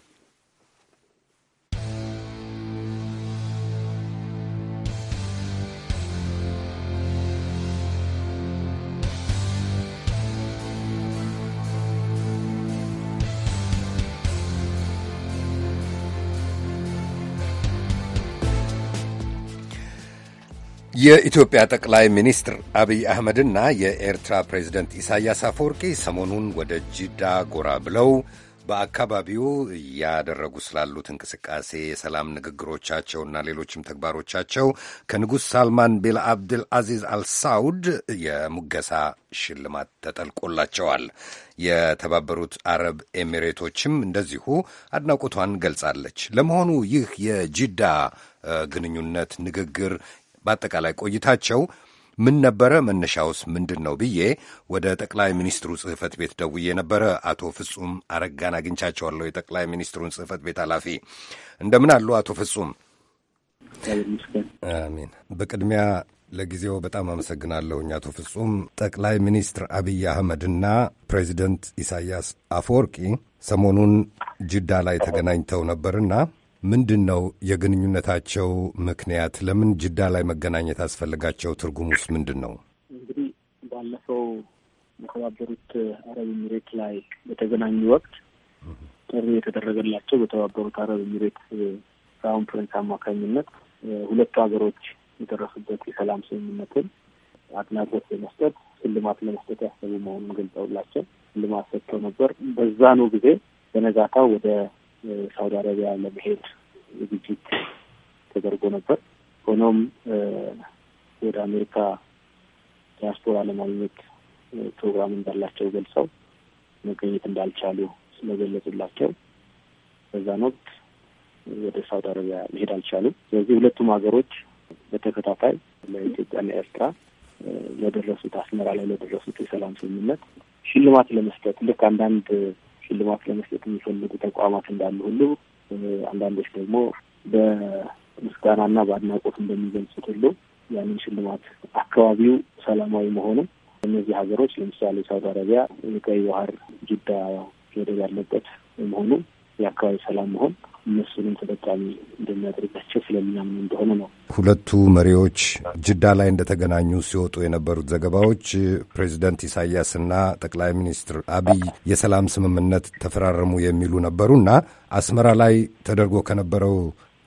የኢትዮጵያ ጠቅላይ ሚኒስትር አብይ አህመድና የኤርትራ ፕሬዝደንት ኢሳያስ አፈወርቂ ሰሞኑን ወደ ጅዳ ጎራ ብለው በአካባቢው እያደረጉ ስላሉት እንቅስቃሴ የሰላም ንግግሮቻቸውና ሌሎችም ተግባሮቻቸው ከንጉሥ ሳልማን ቢል አብድል አዚዝ አልሳውድ የሙገሳ ሽልማት ተጠልቆላቸዋል። የተባበሩት አረብ ኤሚሬቶችም እንደዚሁ አድናቆቷን ገልጻለች። ለመሆኑ ይህ የጂዳ ግንኙነት ንግግር በአጠቃላይ ቆይታቸው ምን ነበረ? መነሻውስ ምንድን ነው ብዬ ወደ ጠቅላይ ሚኒስትሩ ጽህፈት ቤት ደውዬ ነበረ። አቶ ፍጹም አረጋን አግኝቻቸዋለሁ፣ የጠቅላይ ሚኒስትሩን ጽህፈት ቤት ኃላፊ። እንደምን አሉ አቶ ፍጹም? አሜን። በቅድሚያ ለጊዜው በጣም አመሰግናለሁኝ አቶ ፍጹም። ጠቅላይ ሚኒስትር አብይ አህመድና ፕሬዚደንት ኢሳያስ አፈወርቂ ሰሞኑን ጅዳ ላይ ተገናኝተው ነበርና ምንድን ነው የግንኙነታቸው ምክንያት? ለምን ጅዳ ላይ መገናኘት አስፈለጋቸው? ትርጉም ውስጥ ምንድን ነው? እንግዲህ ባለፈው የተባበሩት አረብ ኤሚሬት ላይ በተገናኙ ወቅት ጥሪ የተደረገላቸው በተባበሩት አረብ ኤሚሬት ኮንፈረንስ አማካኝነት ሁለቱ ሀገሮች የደረሱበት የሰላም ስምምነትን አድናቆት ለመስጠት ሽልማት ለመስጠት ያሰቡ መሆኑን ገልጸውላቸው ሽልማት ሰጥተው ነበር። በዛኑ ጊዜ በነጋታው ወደ ሳውዲ አረቢያ ለመሄድ ዝግጅት ተደርጎ ነበር። ሆኖም ወደ አሜሪካ ዲያስፖራ ለማግኘት ፕሮግራም እንዳላቸው ገልጸው መገኘት እንዳልቻሉ ስለገለጹላቸው በዛን ወቅት ወደ ሳውዲ አረቢያ መሄድ አልቻሉም። ስለዚህ ሁለቱም ሀገሮች በተከታታይ ለኢትዮጵያና ኤርትራ ለደረሱት አስመራ ላይ ለደረሱት የሰላም ስምምነት ሽልማት ለመስጠት ልክ አንዳንድ ሽልማት ለመስጠት የሚፈልጉ ተቋማት እንዳሉ ሁሉ አንዳንዶች ደግሞ በምስጋናና በአድናቆት እንደሚገልጹት ሁሉ ያንን ሽልማት አካባቢው ሰላማዊ መሆኑም እነዚህ ሀገሮች ለምሳሌ ሳውዲ አረቢያ የቀይ ባህር ጅዳ ገደብ ያለበት መሆኑ የአካባቢ ሰላም መሆን እነሱንም ተጠቃሚ እንደሚያደርጋቸው ስለሚያምኑ እንደሆነ ነው። ሁለቱ መሪዎች ጅዳ ላይ እንደተገናኙ ሲወጡ የነበሩት ዘገባዎች ፕሬዚደንት ኢሳያስና ጠቅላይ ሚኒስትር አብይ የሰላም ስምምነት ተፈራረሙ የሚሉ እና አስመራ ላይ ተደርጎ ከነበረው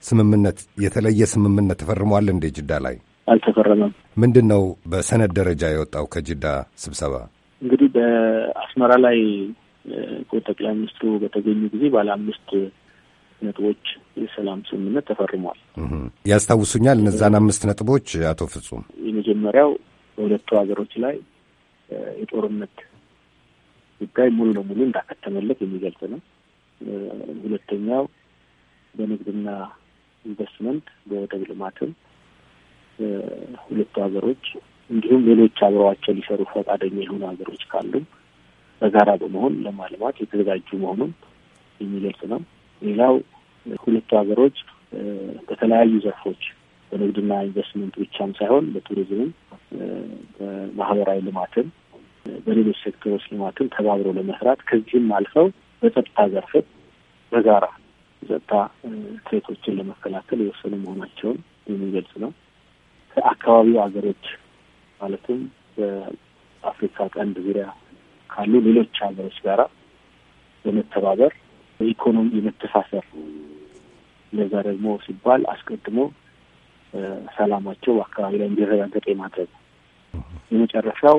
ስምምነት የተለየ ስምምነት ተፈርሟል እንዴ? ጅዳ ላይ አልተፈረመም። ምንድን ነው በሰነድ ደረጃ የወጣው ከጅዳ ስብሰባ? እንግዲህ በአስመራ ላይ ጠቅላይ ሚኒስትሩ በተገኙ ጊዜ ባለ አምስት ነጥቦች የሰላም ስምምነት ተፈርሟል። ያስታውሱኛል እነዛን አምስት ነጥቦች አቶ ፍጹም? የመጀመሪያው በሁለቱ ሀገሮች ላይ የጦርነት ጉዳይ ሙሉ ለሙሉ እንዳከተመለት የሚገልጽ ነው። ሁለተኛው በንግድና ኢንቨስትመንት፣ በወደብ ልማትም ሁለቱ ሀገሮች እንዲሁም ሌሎች አብረዋቸው ሊሰሩ ፈቃደኛ የሆኑ ሀገሮች ካሉም በጋራ በመሆን ለማልማት የተዘጋጁ መሆኑን የሚገልጽ ነው። ሌላው ሁለቱ ሀገሮች በተለያዩ ዘርፎች በንግድና ኢንቨስትመንት ብቻም ሳይሆን በቱሪዝምም፣ በማህበራዊ ልማትም፣ በሌሎች ሴክተሮች ልማትም ተባብረው ለመስራት ከዚህም አልፈው በጸጥታ ዘርፍም በጋራ ጸጥታ ትሬቶችን ለመከላከል የወሰኑ መሆናቸውን የሚገልጽ ነው። ከአካባቢው ሀገሮች ማለትም በአፍሪካ ቀንድ ዙሪያ ካሉ ሌሎች ሀገሮች ጋራ በመተባበር በኢኮኖሚ የመተሳሰር ለዛ ደግሞ ሲባል አስቀድሞ ሰላማቸው አካባቢ ላይ እንዲረጋገጥ የማድረግ የመጨረሻው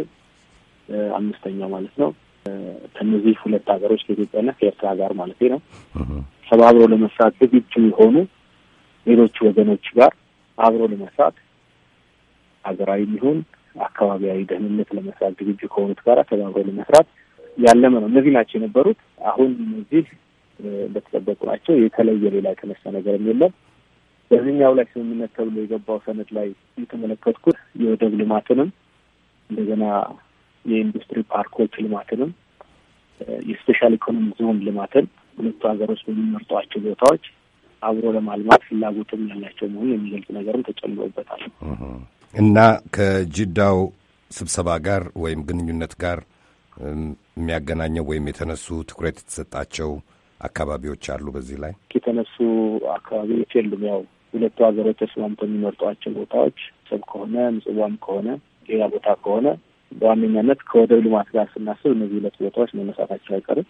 አምስተኛው ማለት ነው። ከነዚህ ሁለት ሀገሮች ከኢትዮጵያና ከኤርትራ ጋር ማለት ነው ተባብሮ ለመስራት ዝግጁ የሆኑ ሌሎች ወገኖች ጋር አብሮ ለመስራት ሀገራዊ ይሁን አካባቢያዊ ደህንነት ለመስራት ዝግጁ ከሆኑት ጋር ተባብሮ ለመስራት ያለመ ነው። እነዚህ ናቸው የነበሩት። አሁን እነዚህ እንደተጠበቁ ናቸው። የተለየ ሌላ የተነሳ ነገርም የለም። በዚህኛው ላይ ስምምነት ተብሎ የገባው ሰነድ ላይ የተመለከትኩት የወደብ ልማትንም እንደገና የኢንዱስትሪ ፓርኮች ልማትንም የስፔሻል ኢኮኖሚ ዞን ልማትን ሁለቱ ሀገሮች በሚመርጧቸው ቦታዎች አብሮ ለማልማት ፍላጎትም ያላቸው መሆኑ የሚገልጽ ነገርም ተጨምሮበታል እና ከጅዳው ስብሰባ ጋር ወይም ግንኙነት ጋር የሚያገናኘው ወይም የተነሱ ትኩረት የተሰጣቸው አካባቢዎች አሉ በዚህ ላይ የተነሱ አካባቢዎች የሉም። ያው ሁለቱ ሀገሮች ተስማምቶ የሚመርጧቸው ቦታዎች ሰብ ከሆነ ምጽዋም ከሆነ ሌላ ቦታ ከሆነ በዋነኛነት ከወደብ ልማት ጋር ስናስብ እነዚህ ሁለት ቦታዎች መነሳታቸው አይቀርም።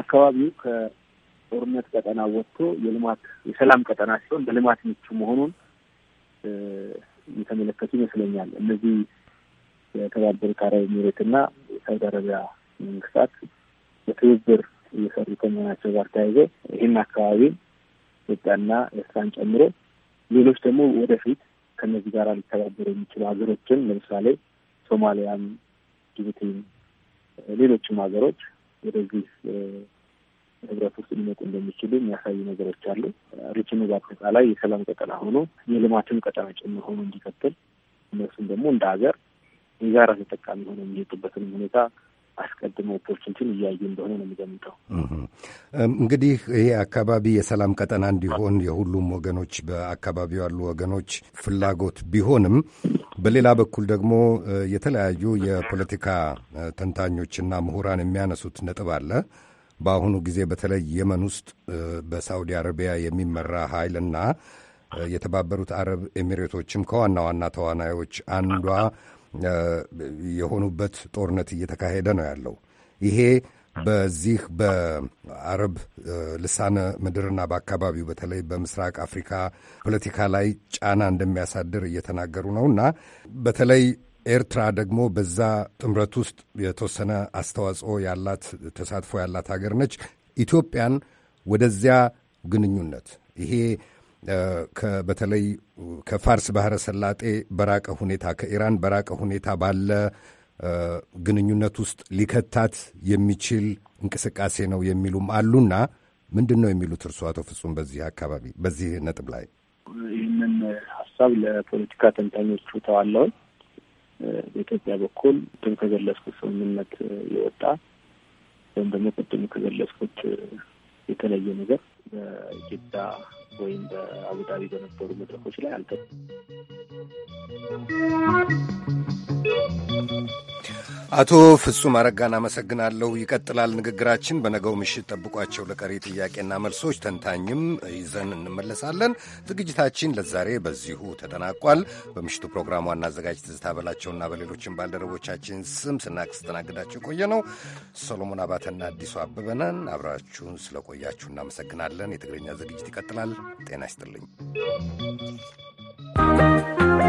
አካባቢው ከጦርነት ቀጠና ወጥቶ የልማት የሰላም ቀጠና ሲሆን በልማት ምቹ መሆኑን የተመለከቱ ይመስለኛል። እነዚህ የተባበሩት አረብ ኤሚሬት እና የሳውዲ አረቢያ መንግስታት በትብብር እየሰሩ ከመሆናቸው ጋር ተያይዞ ይህን አካባቢ ኢትዮጵያና ኤርትራን ጨምሮ ሌሎች ደግሞ ወደፊት ከነዚህ ጋር ሊተባበሩ የሚችሉ ሀገሮችን ለምሳሌ ሶማሊያም፣ ጅቡቲም፣ ሌሎችም ሀገሮች ወደዚህ ህብረት ውስጥ ሊመጡ እንደሚችሉ የሚያሳዩ ነገሮች አሉ። ሪችኑ በአጠቃላይ የሰላም ቀጠና ሆኖ የልማትም ቀጠና ጭምር ሆኖ እንዲቀጥል እነሱም ደግሞ እንደ ሀገር የጋራ ተጠቃሚ ሆነው የሚሄጡበትንም ሁኔታ አስቀድሞ ኦፖርቹኒቲን እያዩ እንደሆነ ነው የሚገምጠው። እንግዲህ ይሄ አካባቢ የሰላም ቀጠና እንዲሆን የሁሉም ወገኖች በአካባቢው ያሉ ወገኖች ፍላጎት ቢሆንም በሌላ በኩል ደግሞ የተለያዩ የፖለቲካ ተንታኞችና ምሁራን የሚያነሱት ነጥብ አለ። በአሁኑ ጊዜ በተለይ የመን ውስጥ በሳዑዲ አረቢያ የሚመራ ኃይልና የተባበሩት አረብ ኤሚሬቶችም ከዋና ዋና ተዋናዮች አንዷ የሆኑበት ጦርነት እየተካሄደ ነው ያለው። ይሄ በዚህ በአረብ ልሳነ ምድርና በአካባቢው በተለይ በምስራቅ አፍሪካ ፖለቲካ ላይ ጫና እንደሚያሳድር እየተናገሩ ነው እና በተለይ ኤርትራ ደግሞ በዛ ጥምረት ውስጥ የተወሰነ አስተዋጽኦ ያላት ተሳትፎ ያላት ሀገር ነች። ኢትዮጵያን ወደዚያ ግንኙነት ይሄ በተለይ ከፋርስ ባህረ ሰላጤ በራቀ ሁኔታ ከኢራን በራቀ ሁኔታ ባለ ግንኙነት ውስጥ ሊከታት የሚችል እንቅስቃሴ ነው የሚሉም አሉና ምንድን ነው የሚሉት እርሱ አቶ ፍጹም በዚህ አካባቢ በዚህ ነጥብ ላይ ይህንን ሀሳብ ለፖለቲካ ተንታኞቹ ተዋለውን በኢትዮጵያ በኩል ቅድም ከገለጽኩት ስምምነት የወጣ ወይም ደግሞ ቅድም ከገለጽኩት የተለየ ነገር በኢትዮጵያ ወይም በአቡዳቢ በነበሩ መድረኮች ላይ አልተ አቶ ፍጹም አረጋን አመሰግናለሁ። ይቀጥላል ንግግራችን። በነገው ምሽት ጠብቋቸው። ለቀሪ ጥያቄና መልሶች ተንታኝም ይዘን እንመለሳለን። ዝግጅታችን ለዛሬ በዚሁ ተጠናቋል። በምሽቱ ፕሮግራም ዋና አዘጋጅ ትዝታ በላቸውና በሌሎችን ባልደረቦቻችን ስም ስናስተናግዳቸው ቆየ ነው ሰሎሞን አባተና አዲሱ አበበነን። አብራችሁን ስለቆያችሁ እናመሰግናለን። የትግርኛ ዝግጅት ይቀጥላል። ጤና ይስጥልኝ።